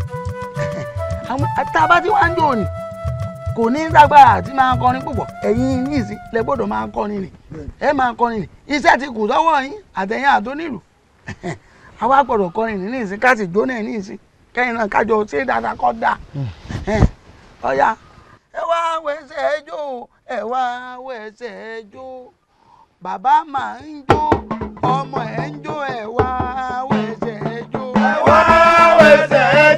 àti tá a bá ti wá ń jò ní kò ní lágbára àti máa kọrin púpọ̀ ẹ̀yin yìí sí máa kọrin nì ẹ máa kọrin nì iṣẹ́ ti kù sọ́wọ́ yín àtẹ̀yìn àdónìlù àwa (laughs) gbọ́dọ̀ kọrin nì ní ká sì jóná ẹ̀ ní kẹ́yìn náà kájọ ṣé dáadáa kọ́ dáa hmm. ọ̀ya ẹ wá wẹsẹ̀ jó ẹ wá wẹsẹ̀ jó bàbá máa ń jó ọmọ ẹ̀ ń jó ẹ wá wẹsẹ̀ jó ẹ wá wẹsẹ̀ jó.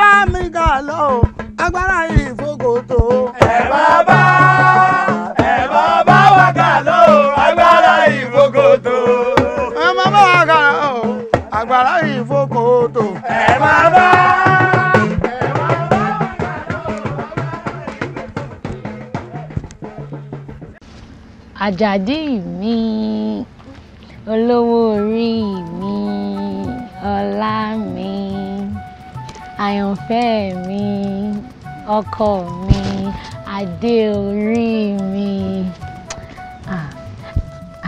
bá mi gà lọ o agbára ìfokòtò. ẹ bá bá ẹ bá bá wa gà lọ o agbára ìfokòtò. ẹ má bá wa gà lọ o agbára ìfokòtò. ẹ bá bá. Ajadi mi olówó ọkọ mi adé orí mi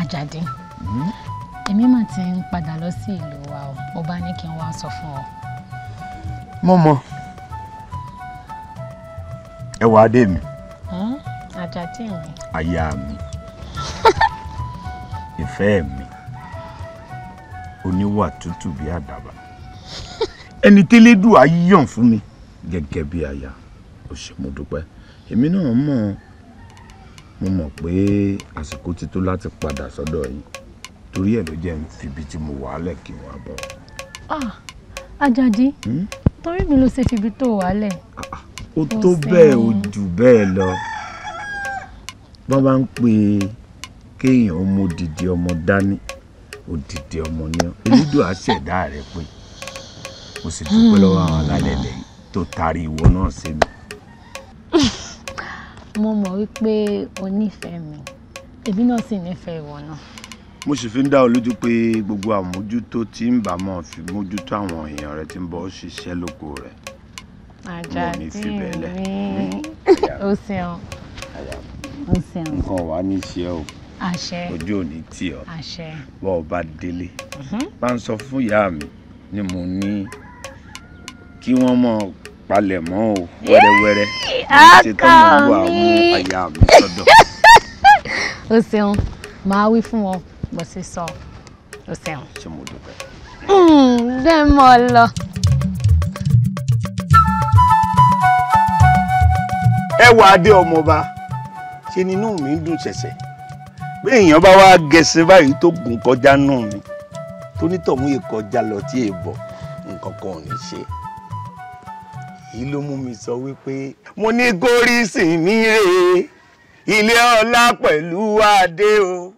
àjàdé hmm? èmi mà ti ń padà lọ sí ìlú wa o mo bá ní kí n wá sọ fún ọ. mo mọ ẹ wà adé mi. àjàdé mi. aya mi (laughs) ìfẹ́ mi oníwà tútù bí àdàbà ẹni tẹ́lẹ́dùn á yàn fún mi gẹ́gẹ́ bí aya o ṣe mo dúpẹ́ èmi náà mọ̀ mo mọ̀ pé àsìkò ti tó láti padà sọ́dọ̀ yìí torí ẹ̀ ló jẹ́ ń fibi tí mo wà á lẹ̀ kí wọ́n á bọ̀. Àjàdí hmm? torí mi ló ṣe fibi tó wà á lẹ̀. ó tó bẹ́ẹ̀ ó jù bẹ́ẹ̀ lọ bọ́n bá ń pè é kéèyàn ọmọ òdìdí ọmọ dání òdìdí ọmọ ni elédò àṣẹ̀dá rẹ̀ pé mo sì dúpẹ́ lọ́wọ́ àwọn alálẹ̀ lẹ́yìn tó taari ìwọ náà sí mi. (laughs) mo mọ̀ wípé o nífẹ̀ẹ́ mi èmi náà sì nífẹ̀ẹ́ ìwọ náà. mo sì fi ń dá ọ lójú pé gbogbo àmójútó tí ń bà mọ́ fi mójútó àwọn èèyàn rẹ tí ń bọ́ ṣiṣẹ́ lóko rẹ̀ mo ní fi bẹ̀lẹ̀. Hmm. o ṣeun o ṣeun. nǹkan wà ní iṣẹ́ o ojú ò ní tì ọ́ bọ́ ọ bá délé mm-hmm. bá ń sọ fún ìyá mi ni mo ní kí wọ́n mọ̀ palẹ̀mọ́ o wẹ́rẹ́wẹ́rẹ́ ṣe tó mọ̀ wá àwọn àyà mi sọ́dọ̀. (laughs) o ṣeun màá wí fún ọ bó ṣe sọ o ṣeun. ṣé mo dúpẹ́. bẹ́ẹ̀ hmm, mọ̀ ọ lọ. ẹ wà á dé ọmọọba ṣe ni inú mi ń dùn ṣẹ̀ṣẹ̀ bí èèyàn bá wá gẹ̀ẹ́sẹ̀ báyìí tó gùn kọjá náà mi tónítọ̀hún yìí kọjá lọ tí èèbọ̀ nǹkan kan ò ní ṣe èyí ló mú mi sọ wípé mo ní kórìsì mi rèé ilé ọlá pẹ̀lú adé o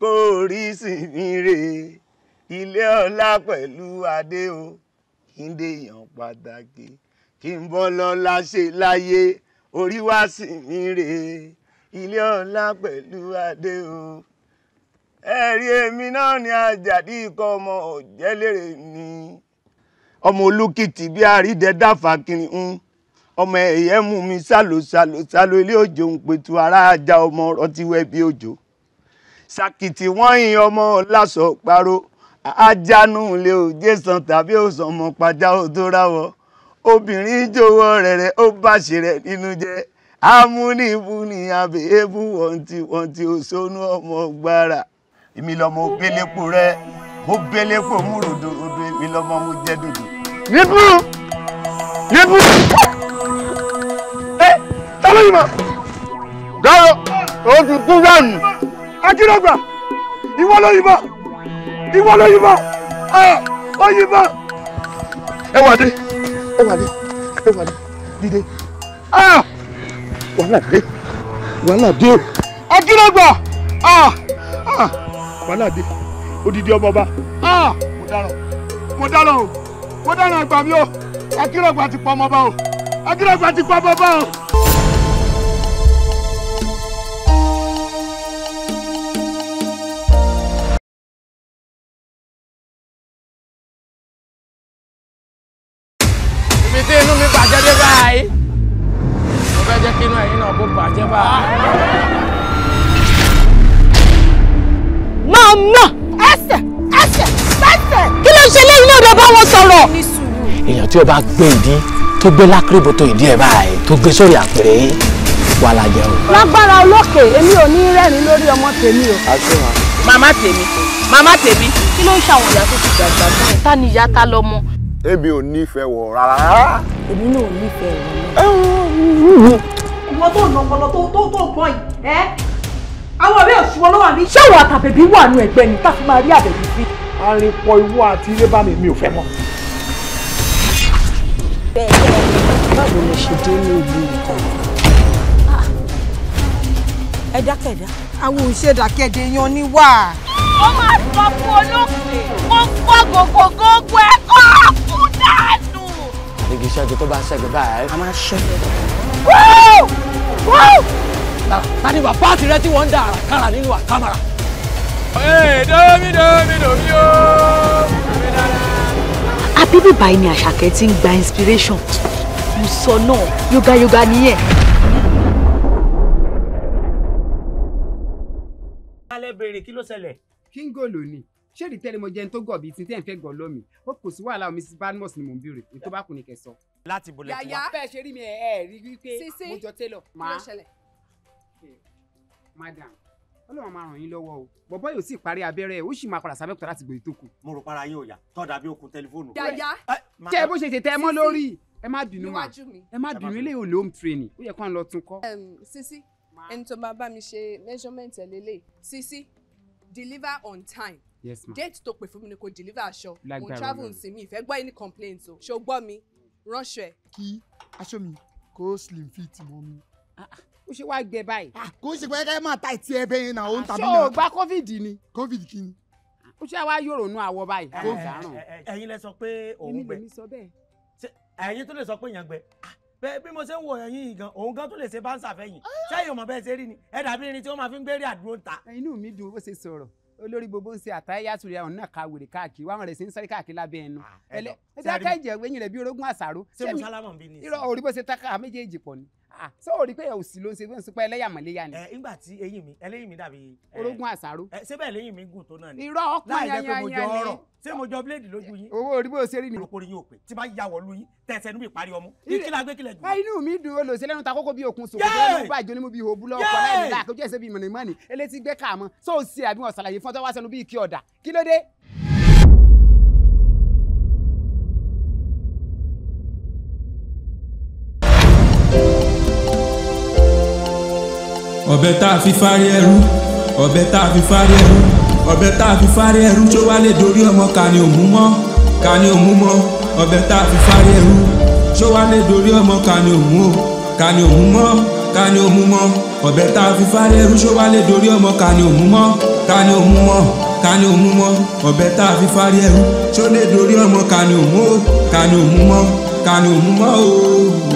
kórìsì mi rèé ilé ọlá pẹ̀lú adé o kí n dé èèyàn pàtàkì kí n bọ́ lọ́lá ṣe láyé orí wá sí mi rèé ilé ọlá pẹ̀lú adé o ẹ̀rí èmi náà ni àjàdí ikọ̀ ọmọ òjẹ́lérè ni ọmọ olókìtì bí àrídẹ dáfà kiri ń ọmọ ẹ̀yẹ́ mú mi sálò sálò sálò ilé òjò ń pẹ̀tù ara ajá ọmọ ọtí wẹ́ bí òjò sàkìtì wọ́n yin ọmọ lásọ paró ajánú ilé òjé san tàbí òsàn ọmọ pàjá ò tó ráwọ́ obìnrin jọ̀wọ́ rẹ̀rẹ̀ ó bàṣẹ rẹ̀ nínú jẹ́ amúnibúni àbẹ̀ẹ́bù wọ̀ntí wọ̀ntí òṣónú ọmọ gbára èmi lọmọ ògbélépo rẹ mo gbélépo múròdòdò èmi lọmọ mo jẹ́ dòdò. Yébú! Yébú! Ẹ eh, ta ló yìnbọn? Dọ́rọ̀ o ti kú dànù. Akínọ́gbà ìwọ ló yìnbọn! Ìwọ ló yìnbọn! Ẹ ó yìnbọn! Ẹ wà dé! Ẹ wà dé! Ẹ wà dé! Dìde! Ah! Wàhálà dé! Wàhálà dé! Akínọ́gbà! Ah, ah, wàhálà dé! Odidi ọmọ Ah, Mo dáràn! Mo dáràn mo dáná gbà mí o akérògbà ti pọ ọmọ bá o akérògbà ti pọ ọmọ bá o. tí o bá gbé ìdí tó gbé lákìrìbòtò ìdí ẹ̀ báyìí tó gbé sórí àpèrè wà lájẹ o. lágbára olókè èmi ò ní rẹ́rìn lórí ọmọ tèmi o. màmá tèmi màmá tèmi kí ló ń ṣàwọn ìyá tó ti dàgbà náà. ta ni ìyá ta lọmọ. èmi ò nífẹ̀ẹ́ wọ̀ rárá. èmi náà ò nífẹ̀ẹ́ wọ̀. ìwọ tó nà ọpọlọ tó tó tó gbọ́ yìí ẹ́ àwọn ọ̀rẹ́ òṣùwọ̀n ló wà ní. ṣé ìwà àtàbẹ̀bí wà nù ẹ̀gbẹ́ ni tá a fi máa rí àbẹ̀bí sí. arìnpọ̀ ìwọ àti ilé bá mi mi ò fẹ́ mọ́ bẹ́ẹ̀ jẹ́. báwo lè ṣe dé ní ìlú nǹkan. ẹ dákẹ́dá. àwọn òṣèdàkẹ́dẹ yan ni wà. ó máa sọ fún olóògbé mo ń gbọ́ gbogbo gbogbo ẹ̀ kọ́ fún dànù. igi ṣẹ́gun tó bá ṣẹ́gun báyìí. a máa ṣẹ́gun. wúù wúù. tani bàbá àtìrẹ́ tí wọ́n ń da àràkàrà nínú àkàmàrà. ee domi domi domi ooo àbíbí báyìí ni àṣàkẹ́ ti ń gba inspiration mo sọ náà yoga yoga nìyẹn. alẹ́ bèrè kí ló ṣẹlẹ̀. kíngòlò ni ṣéèdì tẹ́lẹ̀ mo jẹun tó gọ̀ bíi tìǹtẹ̀ ń fẹ́ gọ̀ lómi ó kò sí wàhálà Mrs. Badmus ni mò ń bèrè ètò bá kùn ní kẹsàn. láti bolẹ̀ tiwa. yàyà bẹ́ẹ̀ ṣe rí mi ẹ̀ ẹ̀ rí wípé mo jọ tẹ́lọ̀. máa madam ọlọ́run máa ràn yín lọ́wọ́ o bọ̀bọ́ yóò sì parí abẹ́rẹ́ ó sì máa padà sábẹ́kùtà láti gbèyí tó mo rò para yín òyà tọ́da bí okun tẹlifóònù. yàyà tẹ bó ṣe tètè ẹ mọ́ lórí ẹ má bínú mà ẹ má bínú ilé ìwòlè home training ó yẹ kó à lọ tún kọ́. sisi ẹni tó máa bá mi ṣe measurement ẹ sisi deliver on time yes ma date tó pè fún mi ni kò deliver aṣọ mo travel sí mi ìfẹ́ gbọ́ any complaint o ṣó gbọ́ mi ránṣọ ẹ. kí aṣọ mi kó slim fit mọ́ mi ah, ah ó ṣe wá gbẹ báyìí. Ah, kò ń ṣe pé kẹ́kẹ́ máa ta ìtì ẹbẹ yẹn náà ó ń tàbí ah, náà. ṣé o gba covid ni. covid kí ni. ó ṣe wá yòrònú àwọ̀ báyìí. Eh, eh, eh, ẹ̀yin lẹ sọ pé òun gbẹ ẹ̀yin tó lè sọ pé èèyàn gbẹ ah, bẹ́ẹ̀ bí mo ṣe ń wò ẹ̀yin yìí gan òun gan tó lè ṣe báńsà fẹ̀yìn ṣẹ́yìn ọmọ bẹ́ẹ̀ ṣe rí ni ẹ dàbí irin tí wọ́n máa fi ń gbérí àdúró ń ta. inú mi dùn bó ṣe sọ̀rọ̀ olórí gbogbo ń ṣe àtàyà sórí àwọn náà ka wèrè káàkiri wọn rẹ sí ń sọrí káàkiri lábẹ́ ẹnu ẹlẹ ẹdá ká ìjẹ ẹyìn rẹ bí orogún àṣàrò ṣé mi irọ́ orí bó ṣe ta méjèèjì pọ̀ ni. Ah. ṣé o rí pé òsì ló ń ṣe fún ìsúpẹ́ ẹlẹ́yàmọ̀léyà ni. ẹ ńgbà tí eyín mi ẹlẹ́yìn mi dàbí. orógùn àṣàrò. ẹ ṣé bẹ́ẹ̀ lẹ́yìn mi gùn tó náà ni. irọ́ ọkàn yanyan yanyan ni. láì jẹ́ pé mo jọ ọ̀rọ̀ ṣé mo jọ bíléèdì lójú yín. owó orí bó ṣe rí ni. olùkórè yín ò pé tí bá ya wọ̀lú yín tẹ̀sẹ̀ níbi ìparí ọmú. kí la gbé kílẹ̀ jù. inú mi dùn olùsí lẹ́nu ta kókó bí okun sòkòtò lẹ́nu bá jóni mú bí hobu lọ́wọ́ kọ́ láì nílá àkójọ ẹ̀sẹ̀ bí mọ̀nìmọ́nì elétí gbé káàmọ́ sóòsì àbí wọn ṣàlàyé fún ọtọ́ wá sẹ́nu bí kí ọ̀dà kí ló dé. ọ̀bẹ tá a fi fárí ẹrú ọ̀bẹ tá a fi fárí ẹrú ọ̀bẹ tá a fi fárí ẹrú tó wá lè dorí ọmọ ká ní òmú mọ́ ká òmú mọ́ ọ̀bẹ tá a fi fárí ẹrú tó wá lè dorí ọmọ ká òmú o ká òmú mọ́ ká òmú mọ́ ọ̀bẹ tá a fi fárí ẹrú tó wá lè dorí ọmọ ká òmú mọ́ ká òmú mọ́ ká òmú mọ́ ọ̀bẹ tá a fi fárí ẹrú tó lè dorí ọmọ ká òmú o ká òmú mọ́ ká òmú mọ́ o.